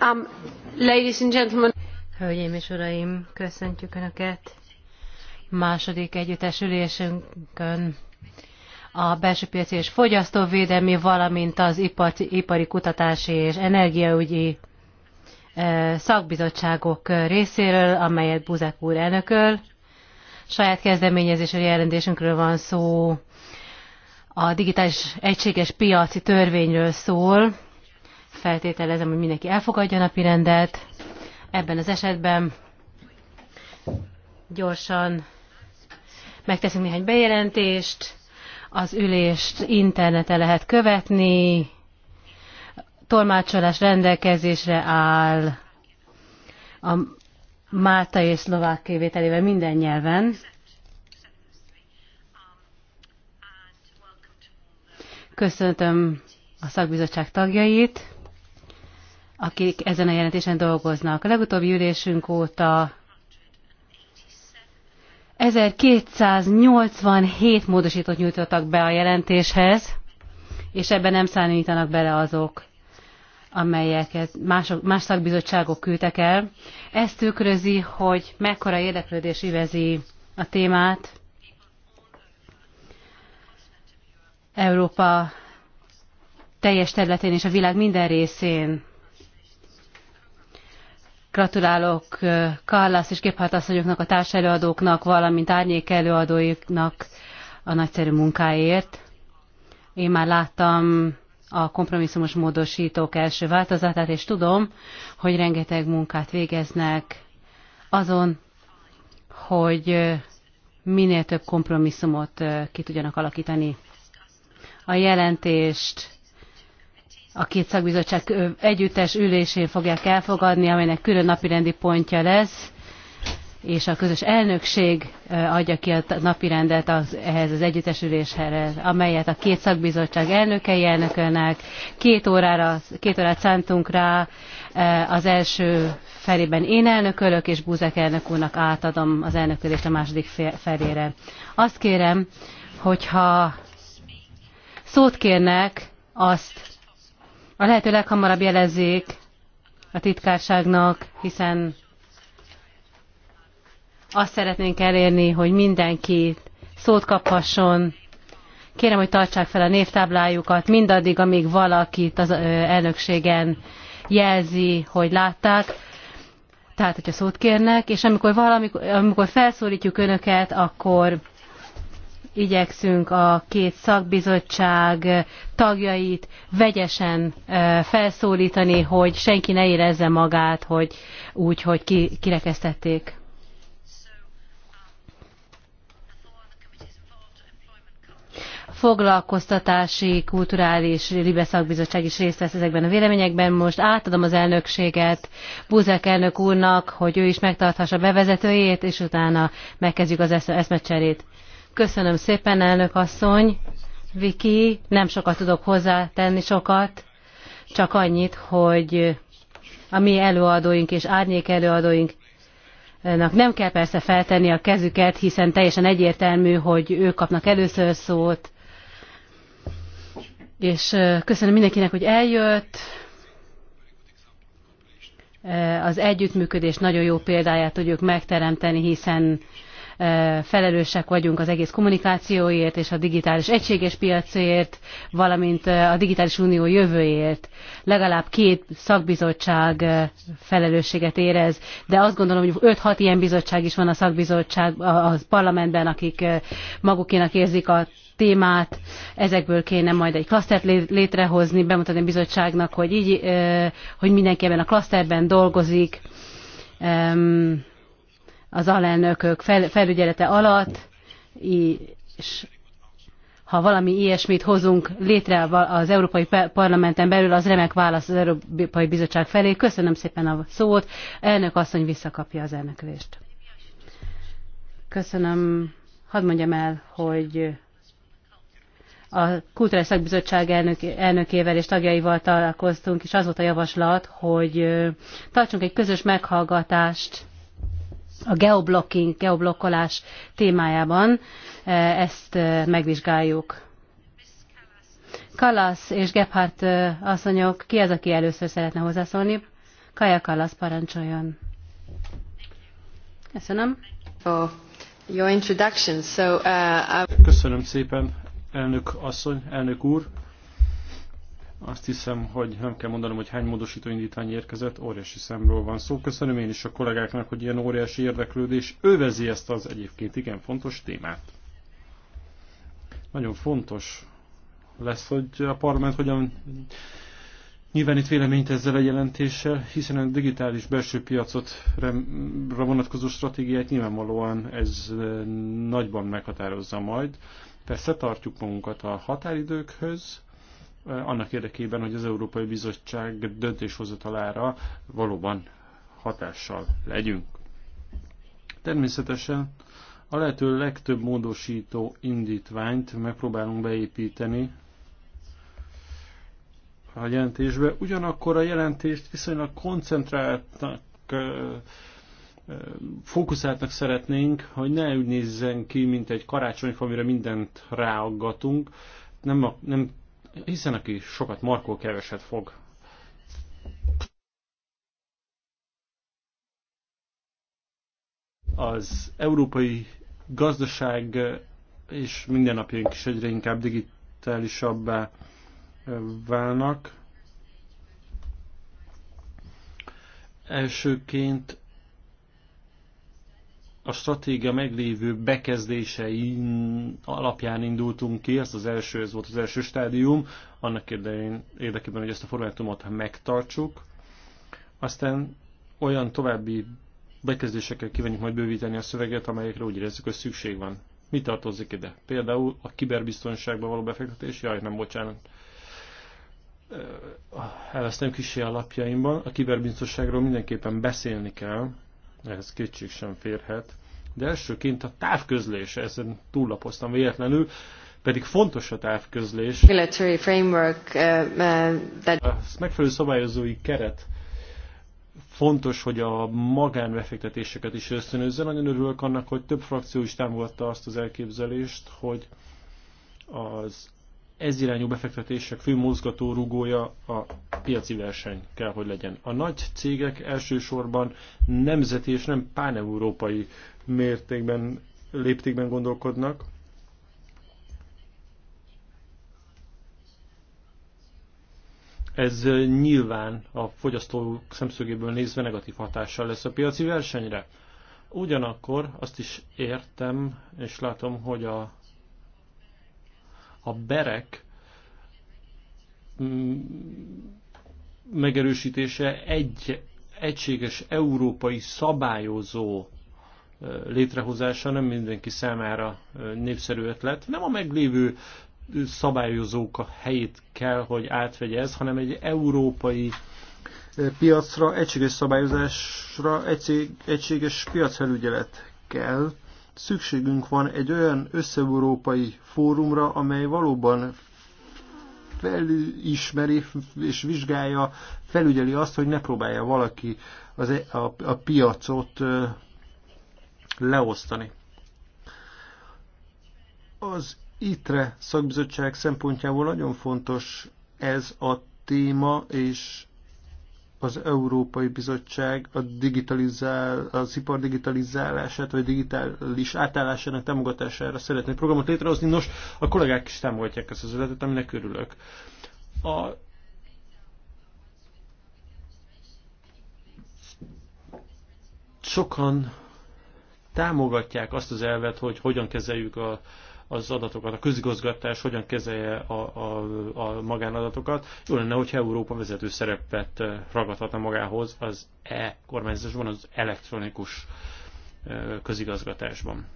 Um, Hölgyeim és uraim, köszöntjük Önöket második együttes ülésünkön a belső piaci és fogyasztóvédelmi, valamint az ipari kutatási és energiaügyi szakbizottságok részéről, amelyet Buzek úr elnököl. Saját kezdeményezésű jelentésünkről van szó, a digitális egységes piaci törvényről szól, Feltételezem, hogy mindenki elfogadja a napi rendet. Ebben az esetben gyorsan megteszünk néhány bejelentést. Az ülést interneten lehet követni. Tolmácsolás rendelkezésre áll a máltai és szlovák kivételével minden nyelven. Köszöntöm a szakbizottság tagjait akik ezen a jelentésen dolgoznak. A legutóbbi ülésünk óta 1287 módosítót nyújtottak be a jelentéshez, és ebben nem számítanak bele azok, amelyeket mások, más szakbizottságok küldtek el. Ez tükrözi, hogy mekkora érdeklődés ivezi a témát Európa teljes területén és a világ minden részén Gratulálok Karlász és Gebhardt asszonyoknak, a társelőadóknak, valamint árnyék előadóiknak a nagyszerű munkáért. Én már láttam a kompromisszumos módosítók első változatát, és tudom, hogy rengeteg munkát végeznek azon, hogy minél több kompromisszumot ki tudjanak alakítani. A jelentést a két szakbizottság együttes ülésén fogják elfogadni, amelynek külön napirendi pontja lesz, és a közös elnökség adja ki a napirendet az, ehhez az együttes üléshez, amelyet a két szakbizottság elnökei elnökölnek. Két, órára, két órát szántunk rá, az első felében én elnökölök, és Búzek elnök úrnak átadom az elnökölést a második felére. Azt kérem, hogyha szót kérnek, azt a lehető leghamarabb jelezzék a titkárságnak, hiszen azt szeretnénk elérni, hogy mindenki szót kaphasson. Kérem, hogy tartsák fel a névtáblájukat mindaddig, amíg valakit az elnökségen jelzi, hogy látták. Tehát, hogyha szót kérnek, és amikor, valamikor, amikor felszólítjuk önöket, akkor igyekszünk a két szakbizottság tagjait vegyesen felszólítani, hogy senki ne érezze magát, hogy úgy, hogy ki, kirekesztették. foglalkoztatási, kulturális, Libe szakbizottság is részt vesz ezekben a véleményekben. Most átadom az elnökséget Buzek elnök úrnak, hogy ő is megtarthassa bevezetőjét, és utána megkezdjük az eszmecserét. Köszönöm szépen, elnök asszony. Viki, nem sokat tudok hozzátenni sokat, csak annyit, hogy a mi előadóink és árnyék előadóink nem kell persze feltenni a kezüket, hiszen teljesen egyértelmű, hogy ők kapnak először szót. És köszönöm mindenkinek, hogy eljött. Az együttműködés nagyon jó példáját tudjuk megteremteni, hiszen felelősek vagyunk az egész kommunikációért és a digitális egységes piacért, valamint a digitális unió jövőért. Legalább két szakbizottság felelősséget érez, de azt gondolom, hogy 5-6 ilyen bizottság is van a szakbizottság, a parlamentben, akik magukénak érzik a témát, ezekből kéne majd egy klasztert létrehozni, bemutatni a bizottságnak, hogy, így, hogy mindenki ebben a klaszterben dolgozik, um, az alelnökök fel, felügyelete alatt, és ha valami ilyesmit hozunk létre az Európai Parlamenten belül, az remek válasz az Európai Bizottság felé. Köszönöm szépen a szót. Elnök asszony visszakapja az elnöklést. Köszönöm. Hadd mondjam el, hogy a Kulturális Szakbizottság elnök, elnökével és tagjaival találkoztunk, és az volt a javaslat, hogy tartsunk egy közös meghallgatást a geoblocking, geoblokkolás témájában e, ezt e, megvizsgáljuk. Kalasz és Gebhardt e, asszonyok, ki az, aki először szeretne hozzászólni? Kaja Kalasz parancsoljon. Köszönöm. your introduction. So, uh, Köszönöm szépen, elnök asszony, elnök úr. Azt hiszem, hogy nem kell mondanom, hogy hány módosító indítvány érkezett, óriási szemről van szó. Köszönöm én is a kollégáknak, hogy ilyen óriási érdeklődés övezi ezt az egyébként igen fontos témát. Nagyon fontos lesz, hogy a parlament hogyan nyilvánít véleményt ezzel a jelentéssel, hiszen a digitális belső rem vonatkozó stratégiát nyilvánvalóan ez eh, nagyban meghatározza majd. Persze tartjuk magunkat a határidőkhöz, Eh, annak érdekében, hogy az Európai Bizottság döntéshozatalára valóban hatással legyünk. Természetesen a lehető legtöbb módosító indítványt megpróbálunk beépíteni a jelentésbe. Ugyanakkor a jelentést viszonylag koncentráltnak, eh, eh, fókuszáltnak szeretnénk, hogy ne úgy nézzen ki, mint egy karácsonyfa, amire mindent ráaggatunk. Nem, a, nem hiszen aki sokat markol, keveset fog. Az európai gazdaság és mindennapjaink is egyre inkább digitálisabbá válnak. Elsőként a stratégia meglévő bekezdésein alapján indultunk ki, ez az első, ez volt az első stádium, annak érdekében, érdekében hogy ezt a formátumot megtartsuk. Aztán olyan további bekezdésekkel kívánjuk majd bővíteni a szöveget, amelyekre úgy érezzük, hogy szükség van. Mi tartozik ide? Például a kiberbiztonságba való befektetés? Jaj, nem, bocsánat. Elvesztem kisé alapjaimban. A kiberbiztonságról mindenképpen beszélni kell, ehhez kétség sem férhet. De elsőként a távközlés, ezen túllapoztam véletlenül, pedig fontos a távközlés. Regulatory framework, uh, uh, A megfelelő szabályozói keret fontos, hogy a magánbefektetéseket is ösztönözze. Nagyon örülök annak, hogy több frakció is támogatta azt az elképzelést, hogy az ez irányú befektetések fő mozgató rugója a piaci verseny kell, hogy legyen. A nagy cégek elsősorban nemzeti és nem páneurópai mértékben, léptékben gondolkodnak, Ez nyilván a fogyasztók szemszögéből nézve negatív hatással lesz a piaci versenyre. Ugyanakkor azt is értem és látom, hogy a a berek mm, megerősítése egy egységes európai szabályozó létrehozása nem mindenki számára népszerű ötlet. Nem a meglévő szabályozók a helyét kell, hogy átvegye ez, hanem egy európai piacra, egységes szabályozásra, egység, egységes piacfelügyelet kell szükségünk van egy olyan összeurópai fórumra, amely valóban felismeri és vizsgálja, felügyeli azt, hogy ne próbálja valaki az, e- a, a piacot leosztani. Az ITRE szakbizottság szempontjából nagyon fontos ez a téma, és az Európai Bizottság a digitalizál, az ipar digitalizálását, vagy digitális átállásának támogatására szeretné programot létrehozni. Nos, a kollégák is támogatják ezt az ötletet, aminek örülök. A sokan támogatják azt az elvet, hogy hogyan kezeljük a, az adatokat, a közigazgatás hogyan kezelje a, a, a magánadatokat. Jó lenne, hogyha Európa vezető szerepet eh, ragadhatna magához az e-kormányzásban, az elektronikus eh, közigazgatásban.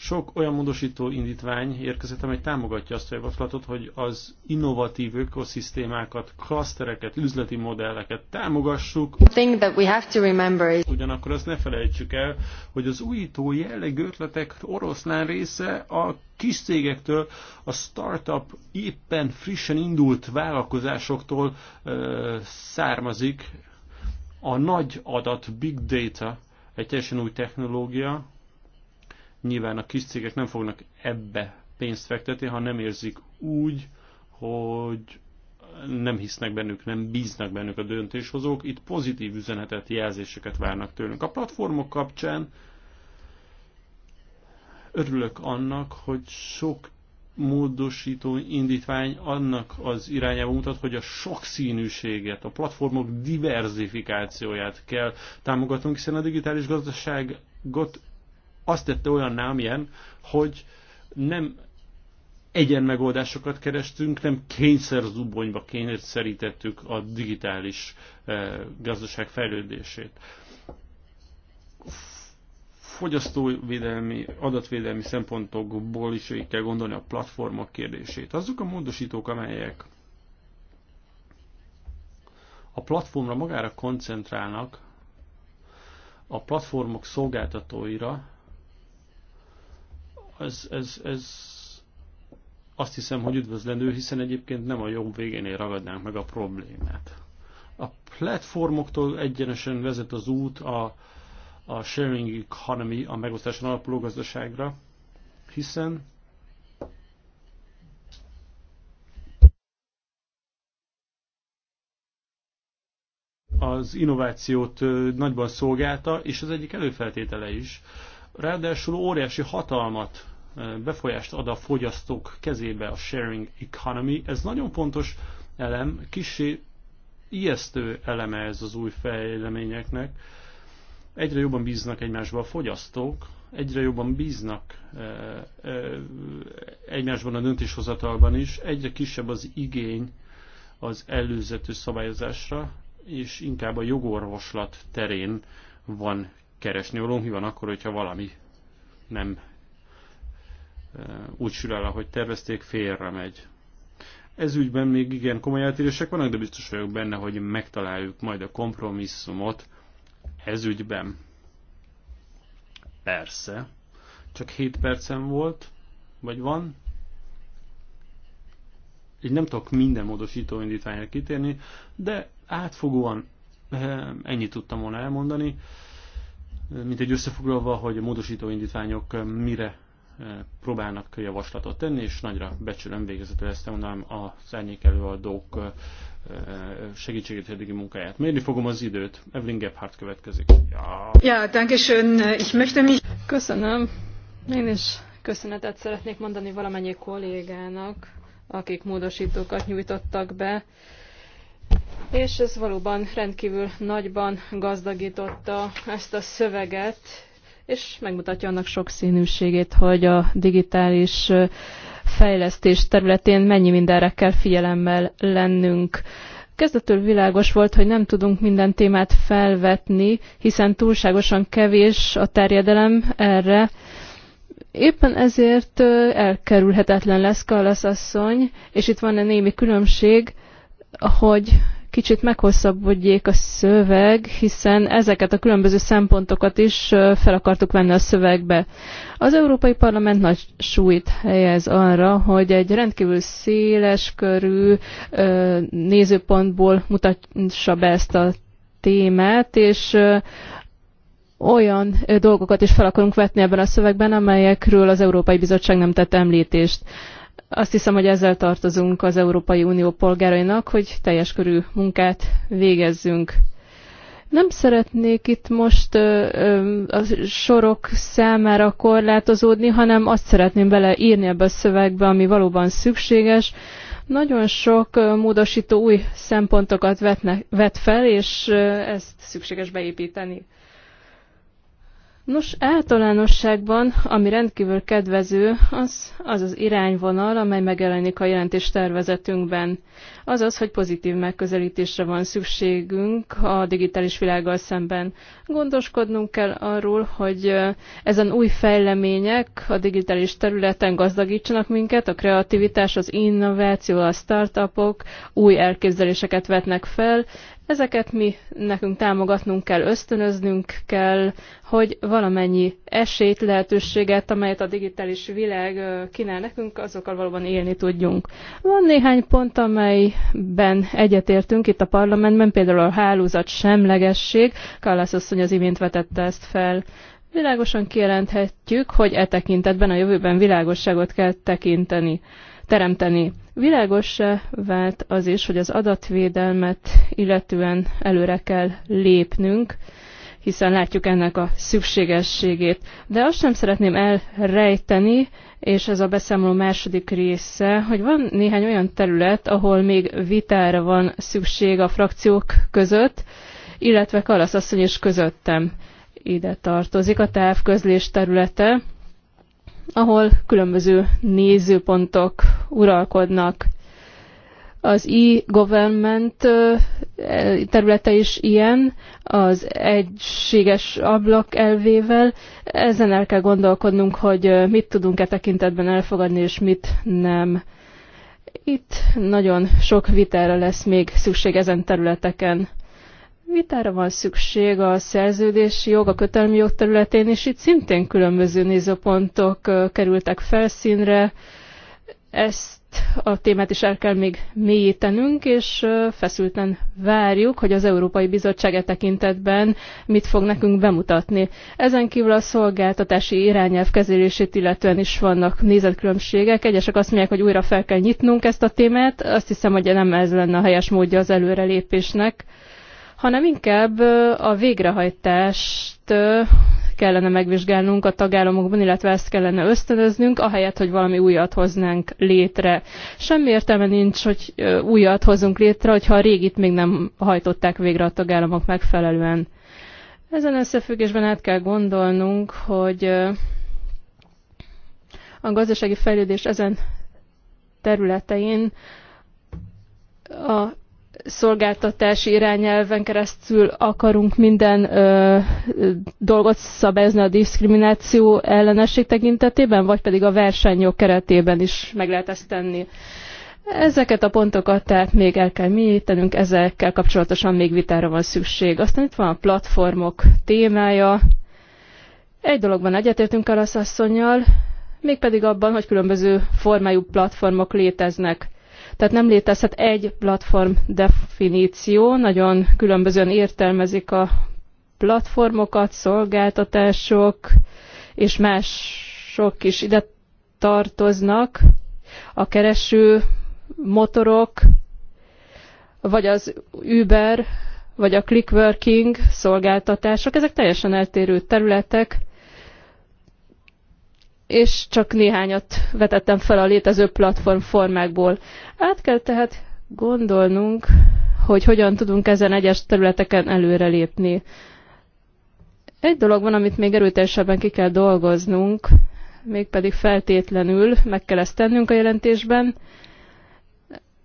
Sok olyan módosító indítvány érkezett, amely támogatja azt a javaslatot, hogy az innovatív ökoszisztémákat, klasztereket, üzleti modelleket támogassuk. That we have to remember is... Ugyanakkor azt ne felejtsük el, hogy az újító jellegű ötletek oroszlán része a kis cégektől, a startup éppen frissen indult vállalkozásoktól ö, származik. A nagy adat, big data, egy teljesen új technológia, Nyilván a kis cégek nem fognak ebbe pénzt fektetni, ha nem érzik úgy, hogy nem hisznek bennük, nem bíznak bennük a döntéshozók. Itt pozitív üzenetet, jelzéseket várnak tőlünk. A platformok kapcsán örülök annak, hogy sok módosító indítvány annak az irányába mutat, hogy a sokszínűséget, a platformok diverzifikációját kell támogatnunk, hiszen a digitális gazdaságot azt tette olyan ilyen, hogy nem egyen megoldásokat kerestünk, nem kényszerzubonyba kényszerítettük a digitális eh, gazdaság fejlődését. Fogyasztóvédelmi, adatvédelmi szempontokból is végig kell gondolni a platformok kérdését. Azok a módosítók, amelyek a platformra magára koncentrálnak, a platformok szolgáltatóira, ez, ez, ez azt hiszem, hogy üdvözlendő, hiszen egyébként nem a jobb végénél ragadnánk meg a problémát. A platformoktól egyenesen vezet az út a, a sharing economy, a megosztáson alapuló gazdaságra, hiszen az innovációt nagyban szolgálta, és az egyik előfeltétele is Ráadásul óriási hatalmat, eh, befolyást ad a fogyasztók kezébe a sharing economy. Ez nagyon fontos elem, kicsi ijesztő eleme ez az új fejleményeknek. Egyre jobban bíznak egymásba a fogyasztók, egyre jobban bíznak eh, eh, egymásban a döntéshozatalban is, egyre kisebb az igény az előzetes szabályozásra, és inkább a jogorvoslat terén van keresni való, mi van akkor, hogyha valami nem úgy sül el, ahogy tervezték, félre megy. Ez ügyben még igen komoly eltérések vannak, de biztos vagyok benne, hogy megtaláljuk majd a kompromisszumot ez ügyben. Persze. Csak 7 percem volt, vagy van. Így nem tudok minden módosító indítványra kitérni, de átfogóan ennyit tudtam volna elmondani mint egy összefoglalva, hogy a módosító indítványok eh, mire eh, próbálnak javaslatot tenni, és nagyra becsülöm végezetül ezt mondanám a szárnyék előadók eh, segítségét eddigi munkáját. Mérni fogom az időt. Evelyn Gebhardt következik. Ja, ja danke schön. Ich möchte mich... Köszönöm. Én is köszönetet szeretnék mondani valamennyi kollégának, akik módosítókat nyújtottak be és ez valóban rendkívül nagyban gazdagította ezt a szöveget, és megmutatja annak sokszínűségét, hogy a digitális fejlesztés területén mennyi mindenre kell figyelemmel lennünk. Kezdetől világos volt, hogy nem tudunk minden témát felvetni, hiszen túlságosan kevés a terjedelem erre. Éppen ezért elkerülhetetlen lesz Kallasz asszony, és itt van egy némi különbség, hogy kicsit meghosszabbodjék a szöveg, hiszen ezeket a különböző szempontokat is fel akartuk venni a szövegbe. Az Európai Parlament nagy súlyt helyez arra, hogy egy rendkívül széles körű nézőpontból mutassa be ezt a témát, és olyan dolgokat is fel akarunk vetni ebben a szövegben, amelyekről az Európai Bizottság nem tett említést. Azt hiszem, hogy ezzel tartozunk az Európai Unió polgárainak, hogy teljes körű munkát végezzünk. Nem szeretnék itt most ö, ö, a sorok számára korlátozódni, hanem azt szeretném beleírni ebbe a szövegbe, ami valóban szükséges. Nagyon sok módosító új szempontokat vetne, vet fel, és ezt szükséges beépíteni. Nos, általánosságban, ami rendkívül kedvező, az az, az irányvonal, amely megjelenik a jelentés tervezetünkben. Az az, hogy pozitív megközelítésre van szükségünk a digitális világgal szemben. Gondoskodnunk kell arról, hogy ezen új fejlemények a digitális területen gazdagítsanak minket, a kreativitás, az innováció, a startupok új elképzeléseket vetnek fel, Ezeket mi nekünk támogatnunk kell, ösztönöznünk kell, hogy valamennyi esélyt, lehetőséget, amelyet a digitális világ kínál nekünk, azokkal valóban élni tudjunk. Van néhány pont, amelyben egyetértünk itt a parlamentben, például a hálózat semlegesség. Kallász asszony az imént vetette ezt fel. Világosan kijelenthetjük, hogy e tekintetben a jövőben világosságot kell tekinteni, teremteni se vált az is, hogy az adatvédelmet illetően előre kell lépnünk, hiszen látjuk ennek a szükségességét. De azt sem szeretném elrejteni, és ez a beszámoló második része, hogy van néhány olyan terület, ahol még vitára van szükség a frakciók között, illetve Kalasz asszony is közöttem ide tartozik a távközlés területe, ahol különböző nézőpontok uralkodnak. Az e-government e, területe is ilyen, az egységes ablak elvével. Ezen el kell gondolkodnunk, hogy mit tudunk-e tekintetben elfogadni, és mit nem. Itt nagyon sok vitára lesz még szükség ezen területeken. Vitára van szükség a szerződési jog, a kötelmi jog területén, és itt szintén különböző nézőpontok kerültek felszínre. Ezt a témát is el kell még mélyítenünk, és feszülten várjuk, hogy az Európai Bizottság e tekintetben mit fog nekünk bemutatni. Ezen kívül a szolgáltatási irányelv kezelését illetően is vannak nézetkülönbségek. Egyesek azt mondják, hogy újra fel kell nyitnunk ezt a témát. Azt hiszem, hogy nem ez lenne a helyes módja az előrelépésnek hanem inkább a végrehajtást kellene megvizsgálnunk a tagállamokban, illetve ezt kellene ösztönöznünk, ahelyett, hogy valami újat hoznánk létre. Semmi értelme nincs, hogy újat hozunk létre, hogyha a régit még nem hajtották végre a tagállamok megfelelően. Ezen összefüggésben át kell gondolnunk, hogy a gazdasági fejlődés ezen területein a szolgáltatási irányelven keresztül akarunk minden ö, dolgot szabályozni a diszkrimináció ellenesség tekintetében, vagy pedig a versenyjog keretében is meg lehet ezt tenni. Ezeket a pontokat tehát még el kell mélyítenünk, ezekkel kapcsolatosan még vitára van szükség. Aztán itt van a platformok témája. Egy dologban egyetértünk el az asszonynal, mégpedig abban, hogy különböző formájú platformok léteznek. Tehát nem létezhet egy platform definíció, nagyon különbözően értelmezik a platformokat, szolgáltatások, és mások is ide tartoznak, a kereső motorok, vagy az Uber, vagy a clickworking szolgáltatások, ezek teljesen eltérő területek, és csak néhányat vetettem fel a létező platform formákból. Át kell tehát gondolnunk, hogy hogyan tudunk ezen egyes területeken előrelépni. Egy dolog van, amit még erőteljesebben ki kell dolgoznunk, mégpedig feltétlenül meg kell ezt tennünk a jelentésben,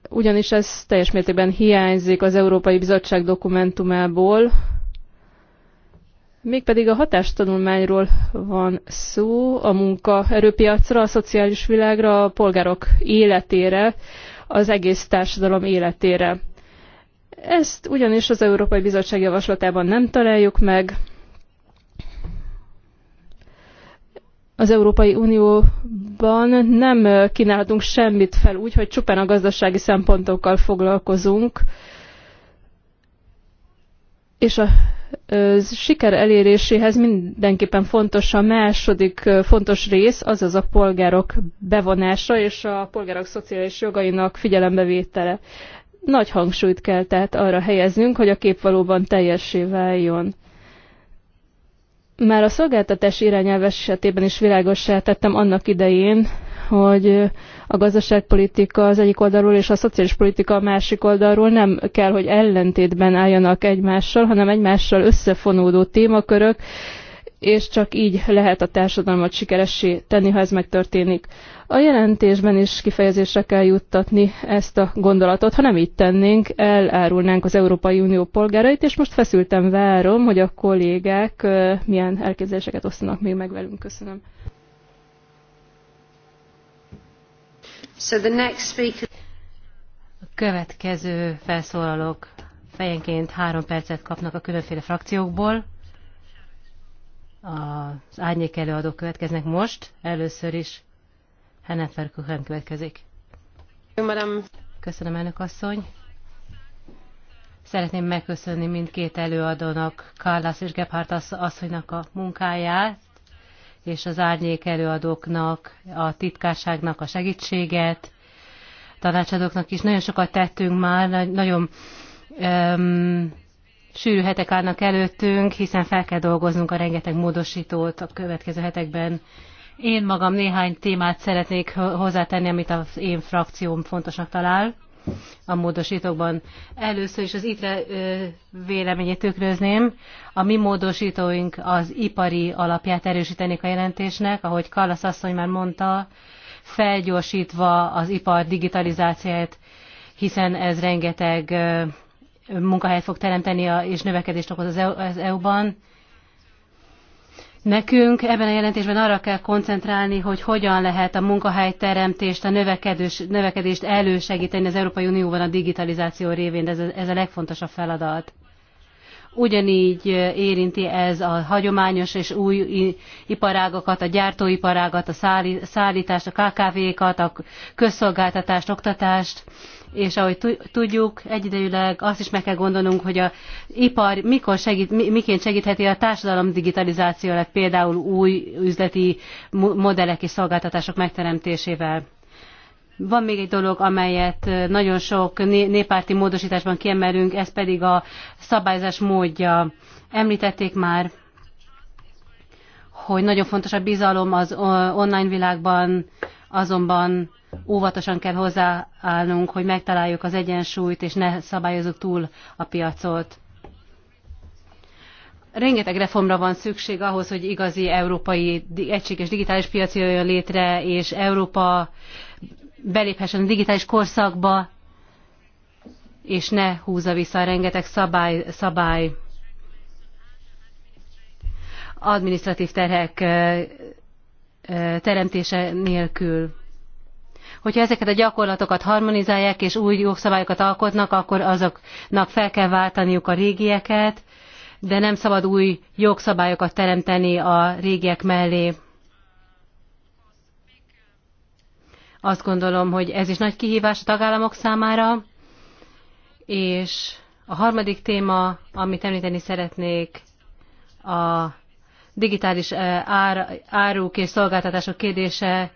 ugyanis ez teljes mértékben hiányzik az Európai Bizottság dokumentumából, Mégpedig a hatástanulmányról van szó a munkaerőpiacra, a szociális világra, a polgárok életére, az egész társadalom életére. Ezt ugyanis az Európai Bizottság javaslatában nem találjuk meg. Az Európai Unióban nem kínálhatunk semmit fel úgy, hogy csupán a gazdasági szempontokkal foglalkozunk, és a siker eléréséhez mindenképpen fontos a második fontos rész, azaz a polgárok bevonása és a polgárok szociális jogainak figyelembevétele. Nagy hangsúlyt kell tehát arra helyeznünk, hogy a kép valóban teljessé váljon. Már a szolgáltatás irányelves esetében is világosá tettem annak idején, hogy a gazdaságpolitika az egyik oldalról és a szociális politika a másik oldalról nem kell, hogy ellentétben álljanak egymással, hanem egymással összefonódó témakörök, és csak így lehet a társadalmat sikeressé tenni, ha ez megtörténik. A jelentésben is kifejezésre kell juttatni ezt a gondolatot. Ha nem így tennénk, elárulnánk az Európai Unió polgárait, és most feszültem várom, hogy a kollégák milyen elképzeléseket osztanak még meg velünk. Köszönöm. A következő felszólalók fejenként három percet kapnak a különféle frakciókból. Az árnyék előadók következnek most. Először is Hennefer Verkuchen következik. Köszönöm, elnök asszony. Szeretném megköszönni mindkét előadónak, Kárlász és Gebhardt asszonynak a munkáját, és az árnyék előadóknak, a titkárságnak a segítséget, tanácsadóknak is. Nagyon sokat tettünk már, nagyon um, sűrű hetek állnak előttünk, hiszen fel kell dolgoznunk a rengeteg módosítót a következő hetekben. Én magam néhány témát szeretnék hozzátenni, amit az én frakcióm fontosnak talál a módosítókban. Először is az ITRE véleményét tükrözném. A mi módosítóink az ipari alapját erősítenék a jelentésnek, ahogy Kallasz asszony már mondta, felgyorsítva az ipar digitalizációját, hiszen ez rengeteg munkahelyet fog teremteni és növekedést okoz az EU-ban. Nekünk ebben a jelentésben arra kell koncentrálni, hogy hogyan lehet a munkahelyteremtést, a növekedés, növekedést elősegíteni az Európai Unióban a digitalizáció révén, ez a, ez a legfontosabb feladat. Ugyanígy érinti ez a hagyományos és új iparágokat, a gyártóiparágat, a szállítást, a KKV-kat, a közszolgáltatást, oktatást, és ahogy tudjuk, egyidejűleg azt is meg kell gondolnunk, hogy a ipar mikor segít, miként segítheti a társadalom lett, például új üzleti modellek és szolgáltatások megteremtésével. Van még egy dolog, amelyet nagyon sok néppárti módosításban kiemelünk, ez pedig a szabályzás módja. Említették már, hogy nagyon fontos a bizalom az online világban, azonban óvatosan kell hozzáállnunk, hogy megtaláljuk az egyensúlyt, és ne szabályozunk túl a piacot. Rengeteg reformra van szükség ahhoz, hogy igazi európai egységes digitális piac jöjjön létre, és Európa beléphessen a digitális korszakba, és ne húzza vissza a rengeteg szabály, szabály administratív terhek teremtése nélkül. Hogyha ezeket a gyakorlatokat harmonizálják és új jogszabályokat alkotnak, akkor azoknak fel kell váltaniuk a régieket, de nem szabad új jogszabályokat teremteni a régiek mellé. Azt gondolom, hogy ez is nagy kihívás a tagállamok számára, és a harmadik téma, amit említeni szeretnék, a digitális eh, áruk és szolgáltatások kérdése,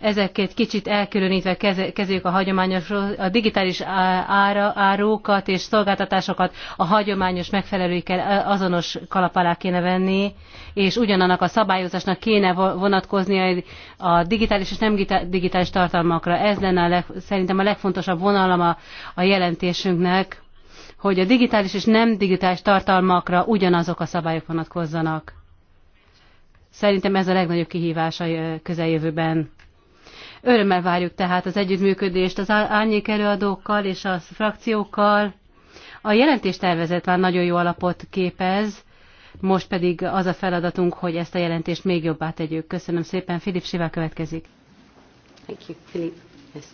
ezeket kicsit elkülönítve kezeljük a hagyományos, a digitális eh, ára, árukat és szolgáltatásokat a hagyományos megfelelőikkel eh, azonos kalap alá kéne venni, és ugyanannak a szabályozásnak kéne vonatkozni a digitális és nem digitális tartalmakra. Ez lenne a leg, szerintem a legfontosabb vonalama a, a jelentésünknek, hogy a digitális és nem digitális tartalmakra ugyanazok a szabályok vonatkozzanak. Szerintem ez a legnagyobb kihívás a közeljövőben. Örömmel várjuk tehát az együttműködést az árnyék előadókkal és a frakciókkal. A jelentéstervezet már nagyon jó alapot képez, most pedig az a feladatunk, hogy ezt a jelentést még jobbá tegyük. Köszönöm szépen, Filip Sivá következik. Thank you, Philip. Yes.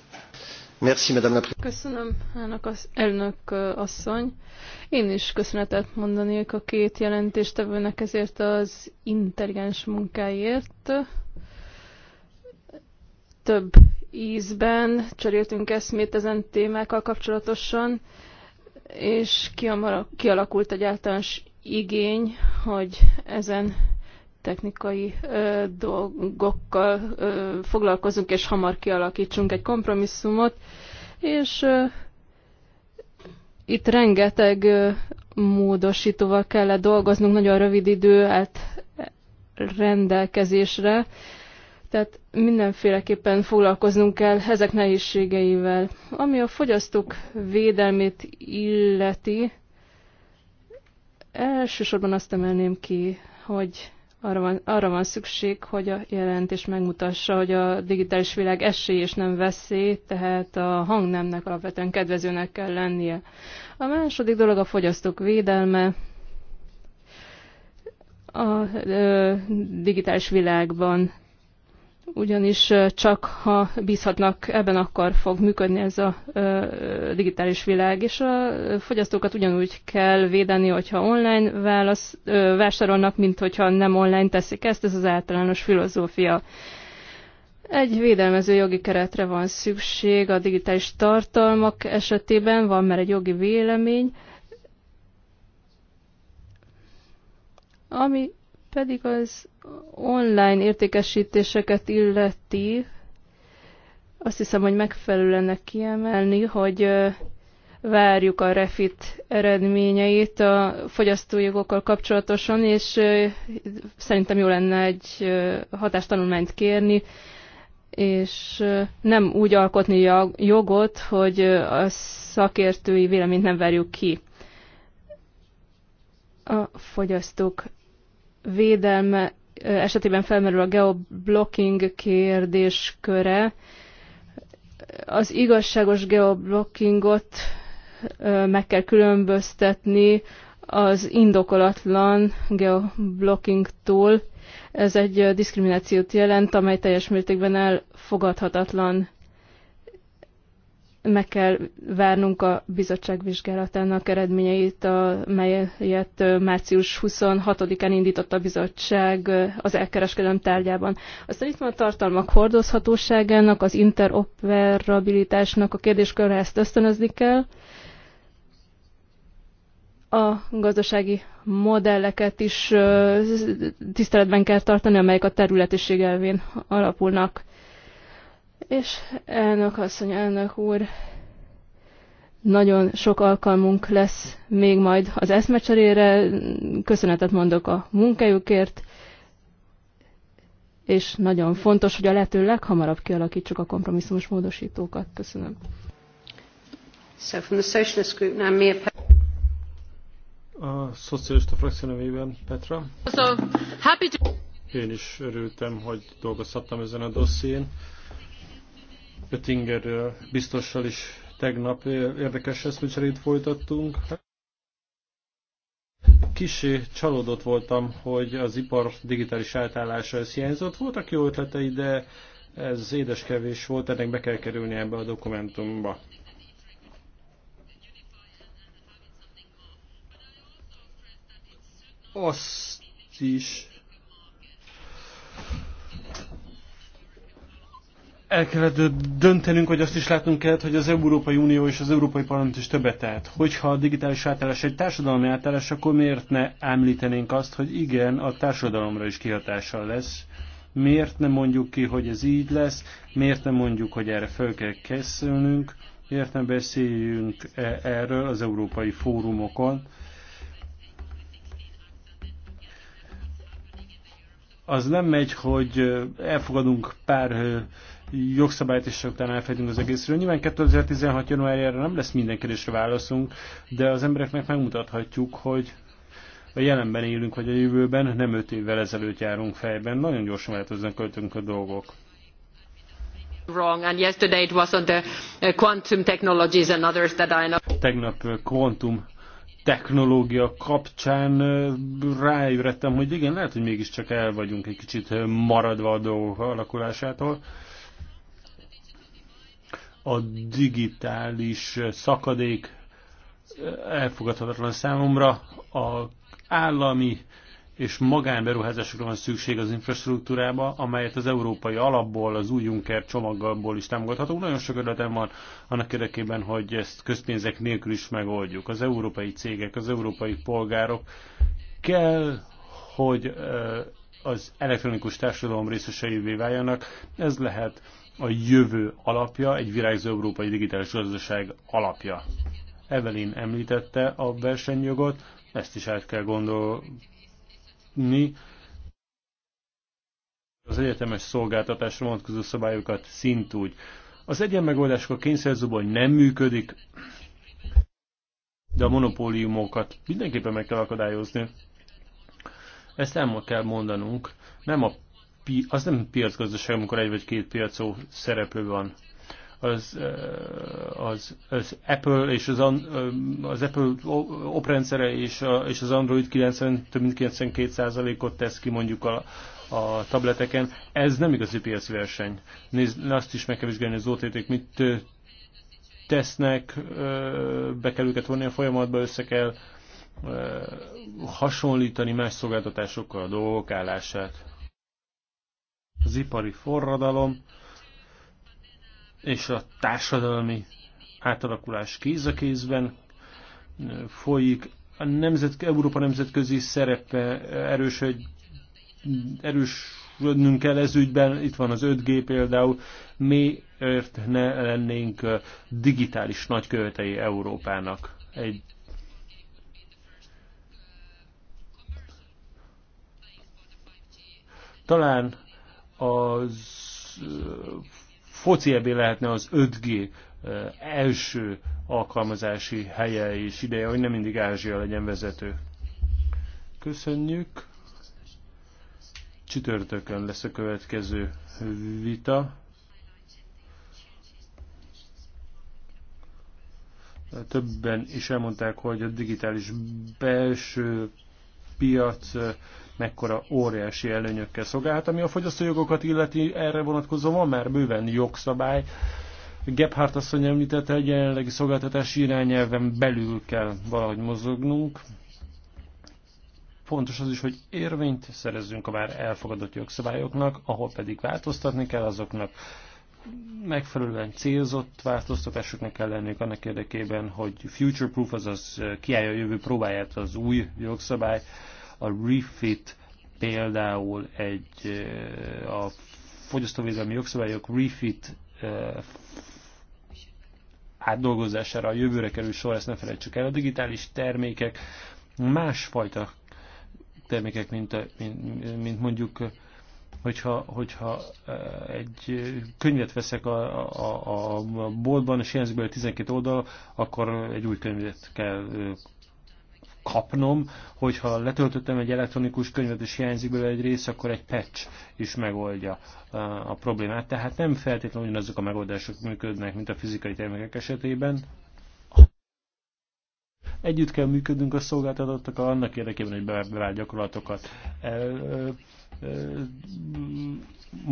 Köszönöm, elnök, az, elnök asszony. Én is köszönetet mondanék a két jelentéstevőnek ezért az intelligens munkáért. Több ízben cseréltünk eszmét ezen témákkal kapcsolatosan, és kialakult egy általános igény, hogy ezen technikai ö, dolgokkal ö, foglalkozunk, és hamar kialakítsunk egy kompromisszumot, és ö, itt rengeteg ö, módosítóval kellett dolgoznunk, nagyon rövid idő állt rendelkezésre, tehát mindenféleképpen foglalkoznunk kell ezek nehézségeivel. Ami a fogyasztók védelmét illeti, elsősorban azt emelném ki, hogy arra van, arra van szükség, hogy a jelentés megmutassa, hogy a digitális világ esély és nem veszély, tehát a hangnemnek alapvetően kedvezőnek kell lennie. A második dolog a fogyasztók védelme. A ö, digitális világban ugyanis csak ha bízhatnak ebben, akkor fog működni ez a digitális világ, és a fogyasztókat ugyanúgy kell védeni, hogyha online válasz, vásárolnak, mint hogyha nem online teszik ezt, ez az általános filozófia. Egy védelmező jogi keretre van szükség a digitális tartalmak esetében, van már egy jogi vélemény, ami pedig az online értékesítéseket illeti, azt hiszem, hogy megfelelő ennek kiemelni, hogy várjuk a refit eredményeit a jogokkal kapcsolatosan, és szerintem jó lenne egy hatástanulmányt kérni, és nem úgy alkotni jogot, hogy a szakértői véleményt nem várjuk ki. A fogyasztók védelme esetében felmerül a geoblocking kérdésköre. Az igazságos geoblockingot meg kell különböztetni az indokolatlan geoblockingtól. Ez egy diszkriminációt jelent, amely teljes mértékben elfogadhatatlan meg kell várnunk a bizottság vizsgálatának eredményeit, amelyet március 26-án indított a bizottság az elkereskedelem tárgyában. Aztán itt van a tartalmak hordozhatóságának, az interoperabilitásnak a kérdéskörre ezt ösztönözni kell. A gazdasági modelleket is tiszteletben kell tartani, amelyek a elvén alapulnak. És elnök asszony, elnök úr, nagyon sok alkalmunk lesz még majd az eszmecserére. Köszönetet mondok a munkájukért, és nagyon fontos, hogy a lehető leghamarabb kialakítsuk a kompromisszumos módosítókat. Köszönöm. So from the socialist group now, Mia a szocialista frakció nevében Petra. So, happy to... Én is örültem, hogy dolgozhattam ezen a dosszién. Öttinger biztossal is tegnap érdekes eszmecserét folytattunk. Kicsi csalódott voltam, hogy az ipar digitális átállása ez hiányzott. Voltak jó ötletei, de ez édes kevés volt, ennek be kell kerülni ebbe a dokumentumba. Azt is el kellett döntenünk, hogy azt is látnunk kellett, hogy az Európai Unió és az Európai Parlament is többet tehet. Hogyha a digitális átállás egy társadalmi átállás, akkor miért ne említenénk azt, hogy igen, a társadalomra is kihatással lesz, miért nem mondjuk ki, hogy ez így lesz, miért nem mondjuk, hogy erre fel kell készülnünk, miért nem beszéljünk e erről az európai fórumokon. Az nem megy, hogy elfogadunk pár jogszabályt, is utána elfedünk az egészről. Nyilván 2016. januárjára nem lesz minden kérdésre válaszunk, de az embereknek megmutathatjuk, hogy a jelenben élünk, vagy a jövőben, nem öt évvel ezelőtt járunk fejben. Nagyon gyorsan változnak költünk a dolgok. Wrong, and yesterday it was on the uh, quantum technologies and others that I know. Tegnap kvantum uh, technológia kapcsán uh, Rájöttem, hogy igen, lehet, hogy mégiscsak el vagyunk egy kicsit maradva a dolgok alakulásától a digitális szakadék elfogadhatatlan számomra. A állami és magánberuházásokra van szükség az infrastruktúrába, amelyet az európai alapból, az új Juncker csomagból is támogathatunk. Nagyon sok ötletem van annak érdekében, hogy ezt közpénzek nélkül is megoldjuk. Az európai cégek, az európai polgárok kell, hogy az elektronikus társadalom részeseivé váljanak. Ez lehet a jövő alapja, egy virágzó európai digitális gazdaság alapja. Evelyn említette a versenyjogot, ezt is át kell gondolni. Az egyetemes szolgáltatásra vonatkozó szabályokat szintúgy. Az egyen megoldások a kényszerzóban nem működik, de a monopóliumokat mindenképpen meg kell akadályozni. Ezt nem kell mondanunk, nem a pi, az nem piacgazdaság, amikor egy vagy két piacó szereplő van. Az, az, az Apple és az, az Apple oprendszere és, és az Android 90, több mint 92%-ot tesz ki mondjuk a, a tableteken. Ez nem igazi piaci verseny. Nézd, azt is meg kell vizsgálni az ott mit tesznek, be kell őket vonni a folyamatba, össze kell hasonlítani más szolgáltatásokkal a dolgok állását az ipari forradalom és a társadalmi átalakulás kéz a kézben folyik. A nemzet, Európa nemzetközi szerepe hogy erősödnünk kell ez ügyben. Itt van az 5G például. Miért ne lennénk digitális nagykövetei Európának? Egy talán az foci ebbé lehetne az 5G első alkalmazási helye és ideje, hogy nem mindig Ázsia legyen vezető. Köszönjük. Csütörtökön lesz a következő vita. Többen is elmondták, hogy a digitális belső piac mekkora óriási előnyökkel szolgálhat. Ami a fogyasztójogokat illeti, erre vonatkozó van már bőven jogszabály. Gebhardt asszony említette, hogy jelenlegi szolgáltatási irányelven belül kell valahogy mozognunk. Fontos az is, hogy érvényt szerezzünk a már elfogadott jogszabályoknak, ahol pedig változtatni kell azoknak, megfelelően célzott változtatásoknak kell lennünk annak érdekében, hogy future proof, azaz kiállja a jövő próbáját az új jogszabály, a refit például egy a fogyasztóvédelmi jogszabályok refit átdolgozására a jövőre kerül sor, ezt ne felejtsük el. A digitális termékek másfajta termékek, mint, a, mint, mint mondjuk hogyha, hogyha egy könyvet veszek a, a, a boltban, és hiányzik belőle 12 oldal, akkor egy új könyvet kell kapnom, hogyha letöltöttem egy elektronikus könyvet és hiányzik belőle egy rész, akkor egy patch is megoldja eh, a problémát. Tehát nem feltétlenül ugyanazok a megoldások működnek, mint a fizikai termékek esetében. Együtt kell működnünk a szolgáltatókkal annak érdekében, hogy bevált gyakorlatokat el, el, eh, el,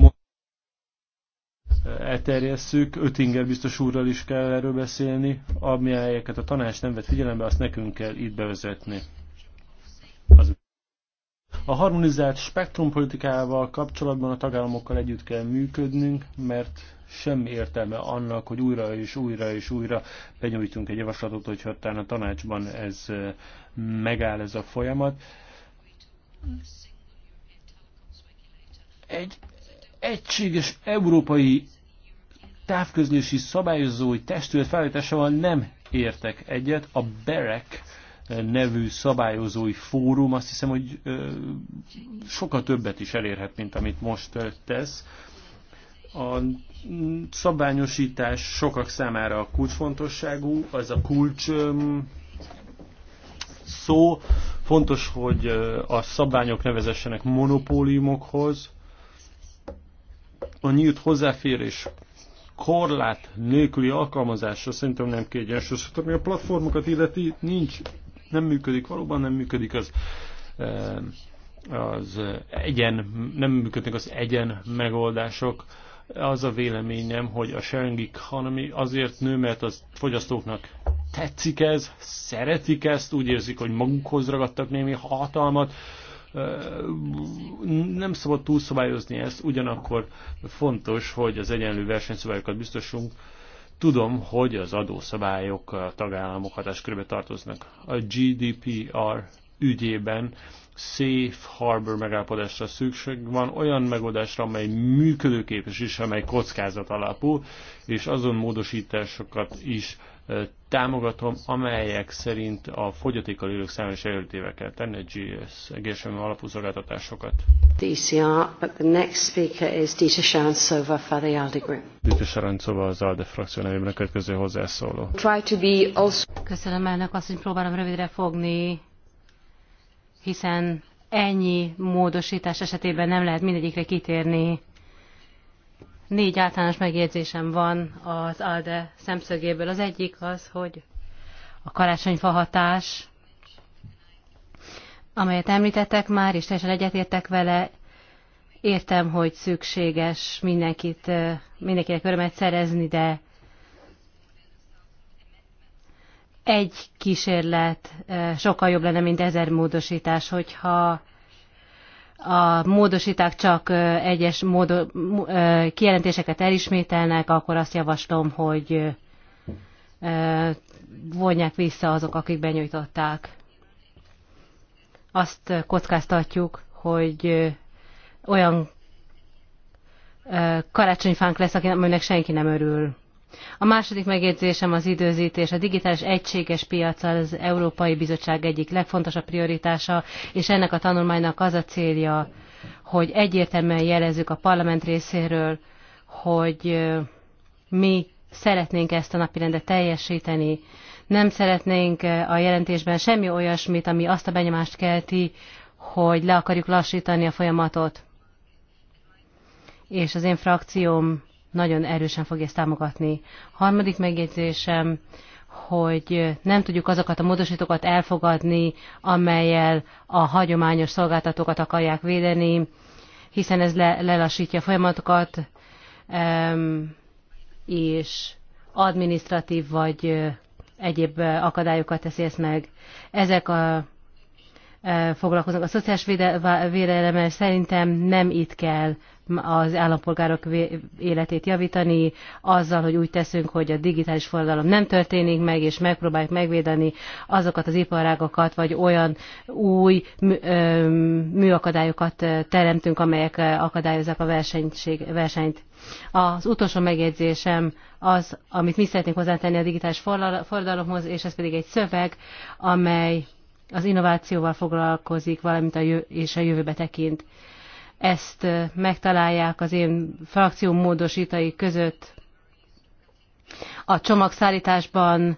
eh, elterjesszük. Ötinger biztos úrral is kell erről beszélni, ami helyeket a tanács nem vett figyelembe, azt nekünk kell itt bevezetni. Az a harmonizált spektrumpolitikával kapcsolatban a tagállamokkal együtt kell működnünk, mert semmi értelme annak, hogy újra és újra és újra benyújtunk egy javaslatot, hogyha talán a tanácsban ez megáll ez a folyamat. Egy egységes európai távközlési szabályozói testület felállításával nem értek egyet. A BEREC nevű szabályozói fórum azt hiszem, hogy sokkal többet is elérhet, mint amit most tesz. A szabványosítás sokak számára a kulcsfontosságú, az a kulcs szó. Fontos, hogy a szabványok nevezessenek monopóliumokhoz. A nyílt hozzáférés korlát nélküli alkalmazásra szerintem nem kiegyensúlyozható. Ami a platformokat illeti, nincs, nem működik, valóban nem működik az eh, az egyen, nem működnek az egyen megoldások. Az a véleményem, hogy a sharing economy azért nő, mert az fogyasztóknak tetszik ez, szeretik ezt, úgy érzik, hogy magukhoz ragadtak némi hatalmat, nem szabad túlszabályozni ezt, ugyanakkor fontos, hogy az egyenlő versenyszabályokat biztosunk. Tudom, hogy az adószabályok a tagállamok hatáskörébe tartoznak. A GDPR ügyében safe harbor megállapodásra szükség van, olyan megoldásra, amely működőképes is, amely kockázat alapú, és azon módosításokat is támogatom, amelyek szerint a fogyatékkal élők is előttével kell tenni a GS egészségügyi alapú szolgáltatásokat. DCR, but the next speaker is Dita Sharansova for the ALDE group. Dita Sharansova az ALDE frakció nevében a következő hozzászóló. Try to be also... Köszönöm elnök azt, hogy próbálom rövidre fogni, hiszen ennyi módosítás esetében nem lehet mindegyikre kitérni. Négy általános megjegyzésem van az ALDE szemszögéből. Az egyik az, hogy a karácsonyfa hatás, amelyet említettek már, és teljesen egyetértek vele, értem, hogy szükséges mindenkit, mindenkinek örömet szerezni, de egy kísérlet sokkal jobb lenne, mint ezer módosítás, hogyha a módosíták csak egyes módo, kijelentéseket elismételnek, akkor azt javaslom, hogy vonják vissza azok, akik benyújtották. Azt kockáztatjuk, hogy olyan karácsonyfánk lesz, aminek senki nem örül. A második megjegyzésem az időzítés. A digitális egységes piac az Európai Bizottság egyik legfontosabb prioritása, és ennek a tanulmánynak az a célja, hogy egyértelműen jelezzük a parlament részéről, hogy mi szeretnénk ezt a napirendet teljesíteni. Nem szeretnénk a jelentésben semmi olyasmit, ami azt a benyomást kelti, hogy le akarjuk lassítani a folyamatot. És az én frakcióm nagyon erősen fogja ezt támogatni. Harmadik megjegyzésem, hogy nem tudjuk azokat a módosítókat elfogadni, amelyel a hagyományos szolgáltatókat akarják védeni, hiszen ez le, lelassítja a folyamatokat, és administratív vagy egyéb akadályokat teszi ezt meg. Ezek a foglalkoznak a szociális védelemmel, szerintem nem itt kell az állampolgárok életét javítani, azzal, hogy úgy teszünk, hogy a digitális forradalom nem történik meg, és megpróbáljuk megvédeni azokat az iparágokat, vagy olyan új műakadályokat teremtünk, amelyek akadályozzák a versenyt. Az utolsó megjegyzésem az, amit mi szeretnénk hozzátenni a digitális forradalomhoz, és ez pedig egy szöveg, amely az innovációval foglalkozik, valamint a jö- és a jövőbe tekint. Ezt megtalálják az én frakcióm módosítai között. A csomagszállításban,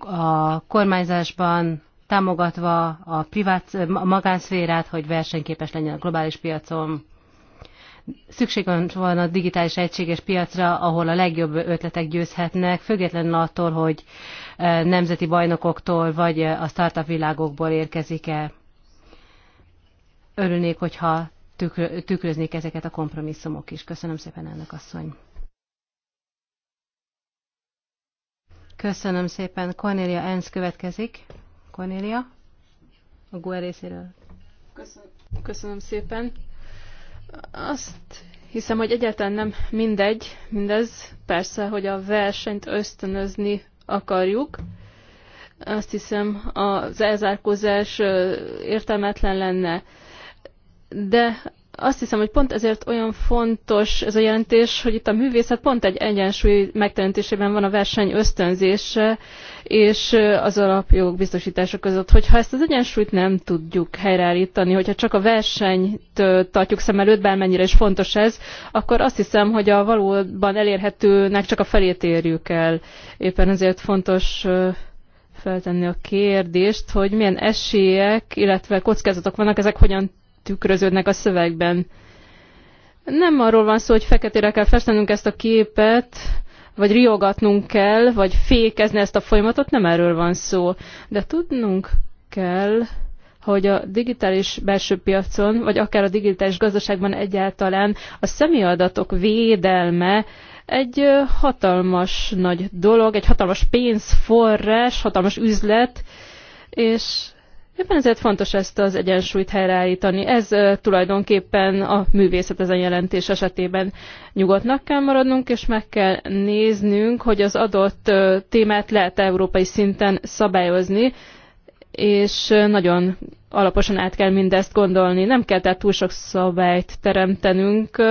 a kormányzásban támogatva a privát, a magánszférát, hogy versenyképes legyen a globális piacon. Szükség van a digitális egységes piacra, ahol a legjobb ötletek győzhetnek, függetlenül attól, hogy nemzeti bajnokoktól vagy a startup világokból érkezik-e örülnék, hogyha tükröznék ezeket a kompromisszumok is. Köszönöm szépen, elnök asszony. Köszönöm szépen. Cornélia Enz következik. Cornélia, a GUE részéről. Köszönöm, köszönöm szépen. Azt hiszem, hogy egyáltalán nem mindegy mindez. Persze, hogy a versenyt ösztönözni akarjuk. Azt hiszem, az elzárkózás értelmetlen lenne de azt hiszem, hogy pont ezért olyan fontos ez a jelentés, hogy itt a művészet pont egy egyensúly megteremtésében van a verseny ösztönzése és az alapjogok biztosítása között. Hogyha ezt az egyensúlyt nem tudjuk helyreállítani, hogyha csak a versenyt tartjuk szem előtt, bármennyire is fontos ez, akkor azt hiszem, hogy a valóban elérhetőnek csak a felét érjük el. Éppen ezért fontos feltenni a kérdést, hogy milyen esélyek, illetve kockázatok vannak, ezek hogyan tükröződnek a szövegben. Nem arról van szó, hogy feketére kell festenünk ezt a képet, vagy riogatnunk kell, vagy fékezni ezt a folyamatot, nem erről van szó. De tudnunk kell, hogy a digitális belső piacon, vagy akár a digitális gazdaságban egyáltalán a személyadatok védelme egy hatalmas nagy dolog, egy hatalmas pénzforrás, hatalmas üzlet, és Éppen ezért fontos ezt az egyensúlyt helyreállítani. Ez tulajdonképpen a művészet ezen jelentés esetében nyugodtnak kell maradnunk, és meg kell néznünk, hogy az adott témát lehet európai szinten szabályozni, és nagyon alaposan át kell mindezt gondolni. Nem kell tehát túl sok szabályt teremtenünk,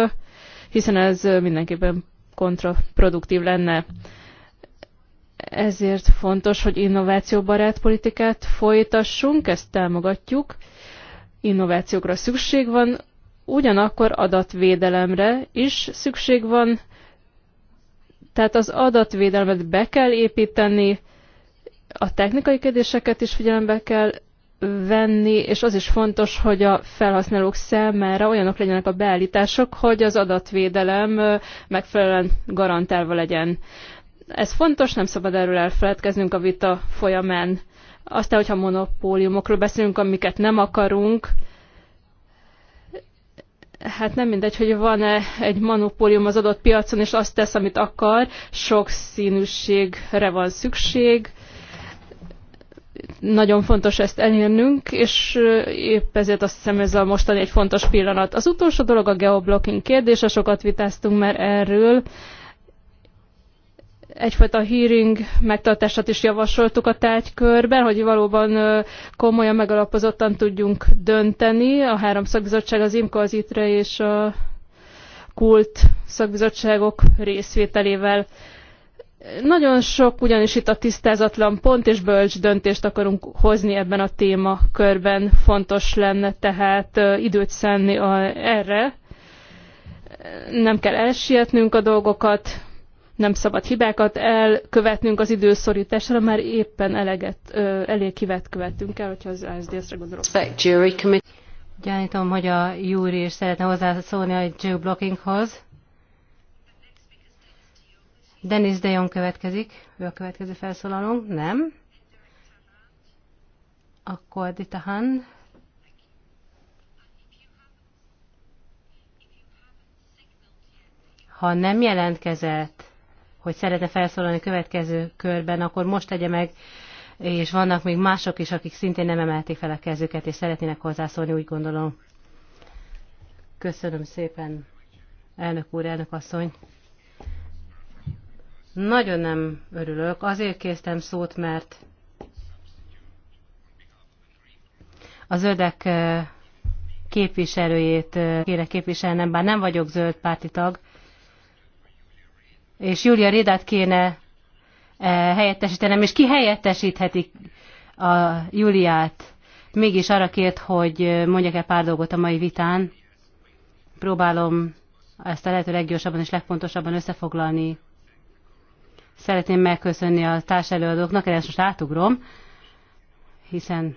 hiszen ez mindenképpen kontraproduktív lenne. Ezért fontos, hogy innovációbarát politikát folytassunk, ezt támogatjuk. Innovációkra szükség van, ugyanakkor adatvédelemre is szükség van, tehát az adatvédelmet be kell építeni, a technikai kérdéseket is figyelembe kell venni, és az is fontos, hogy a felhasználók számára olyanok legyenek a beállítások, hogy az adatvédelem megfelelően garantálva legyen. Ez fontos, nem szabad erről elfeledkeznünk a vita folyamán. Aztán, hogyha monopóliumokról beszélünk, amiket nem akarunk, hát nem mindegy, hogy van -e egy monopólium az adott piacon, és azt tesz, amit akar, sok színűségre van szükség, nagyon fontos ezt elérnünk, és épp ezért azt hiszem ez a mostani egy fontos pillanat. Az utolsó dolog a geoblocking kérdése, sokat vitáztunk már erről, egyfajta hearing megtartását is javasoltuk a tárgykörben, hogy valóban komolyan megalapozottan tudjunk dönteni. A három szakbizottság, az IMKA, az ITRE és a kult szakbizottságok részvételével. Nagyon sok ugyanis itt a tisztázatlan pont és bölcs döntést akarunk hozni ebben a témakörben. Fontos lenne tehát időt szenni erre. Nem kell elsietnünk a dolgokat, nem szabad hibákat elkövetnünk az időszorításra, mert éppen eleget, elég hibát követtünk el, hogyha az ASDS-re gondolok. Gyanítom, hogy a Júri is szeretne hozzászólni a geoblockinghoz. Denis de Jong következik, ő a következő felszólalónk, nem? Akkor Dita Han. Ha nem jelentkezett, hogy szeretne felszólalni a következő körben, akkor most tegye meg, és vannak még mások is, akik szintén nem emelték fel a kezüket, és szeretnének hozzászólni, úgy gondolom. Köszönöm szépen, elnök úr, elnök asszony. Nagyon nem örülök. Azért késztem szót, mert a zöldek eh, képviselőjét eh, kéne képviselnem, bár nem vagyok zöld párti tag, és Júlia Rédát kéne eh, helyettesítenem, és ki helyettesítheti a Júliát? Mégis arra kért, hogy eh, mondjak el pár dolgot a mai vitán. Próbálom ezt a lehető leggyorsabban és legfontosabban összefoglalni. Szeretném megköszönni a társelőadóknak, ezt most átugrom, hiszen,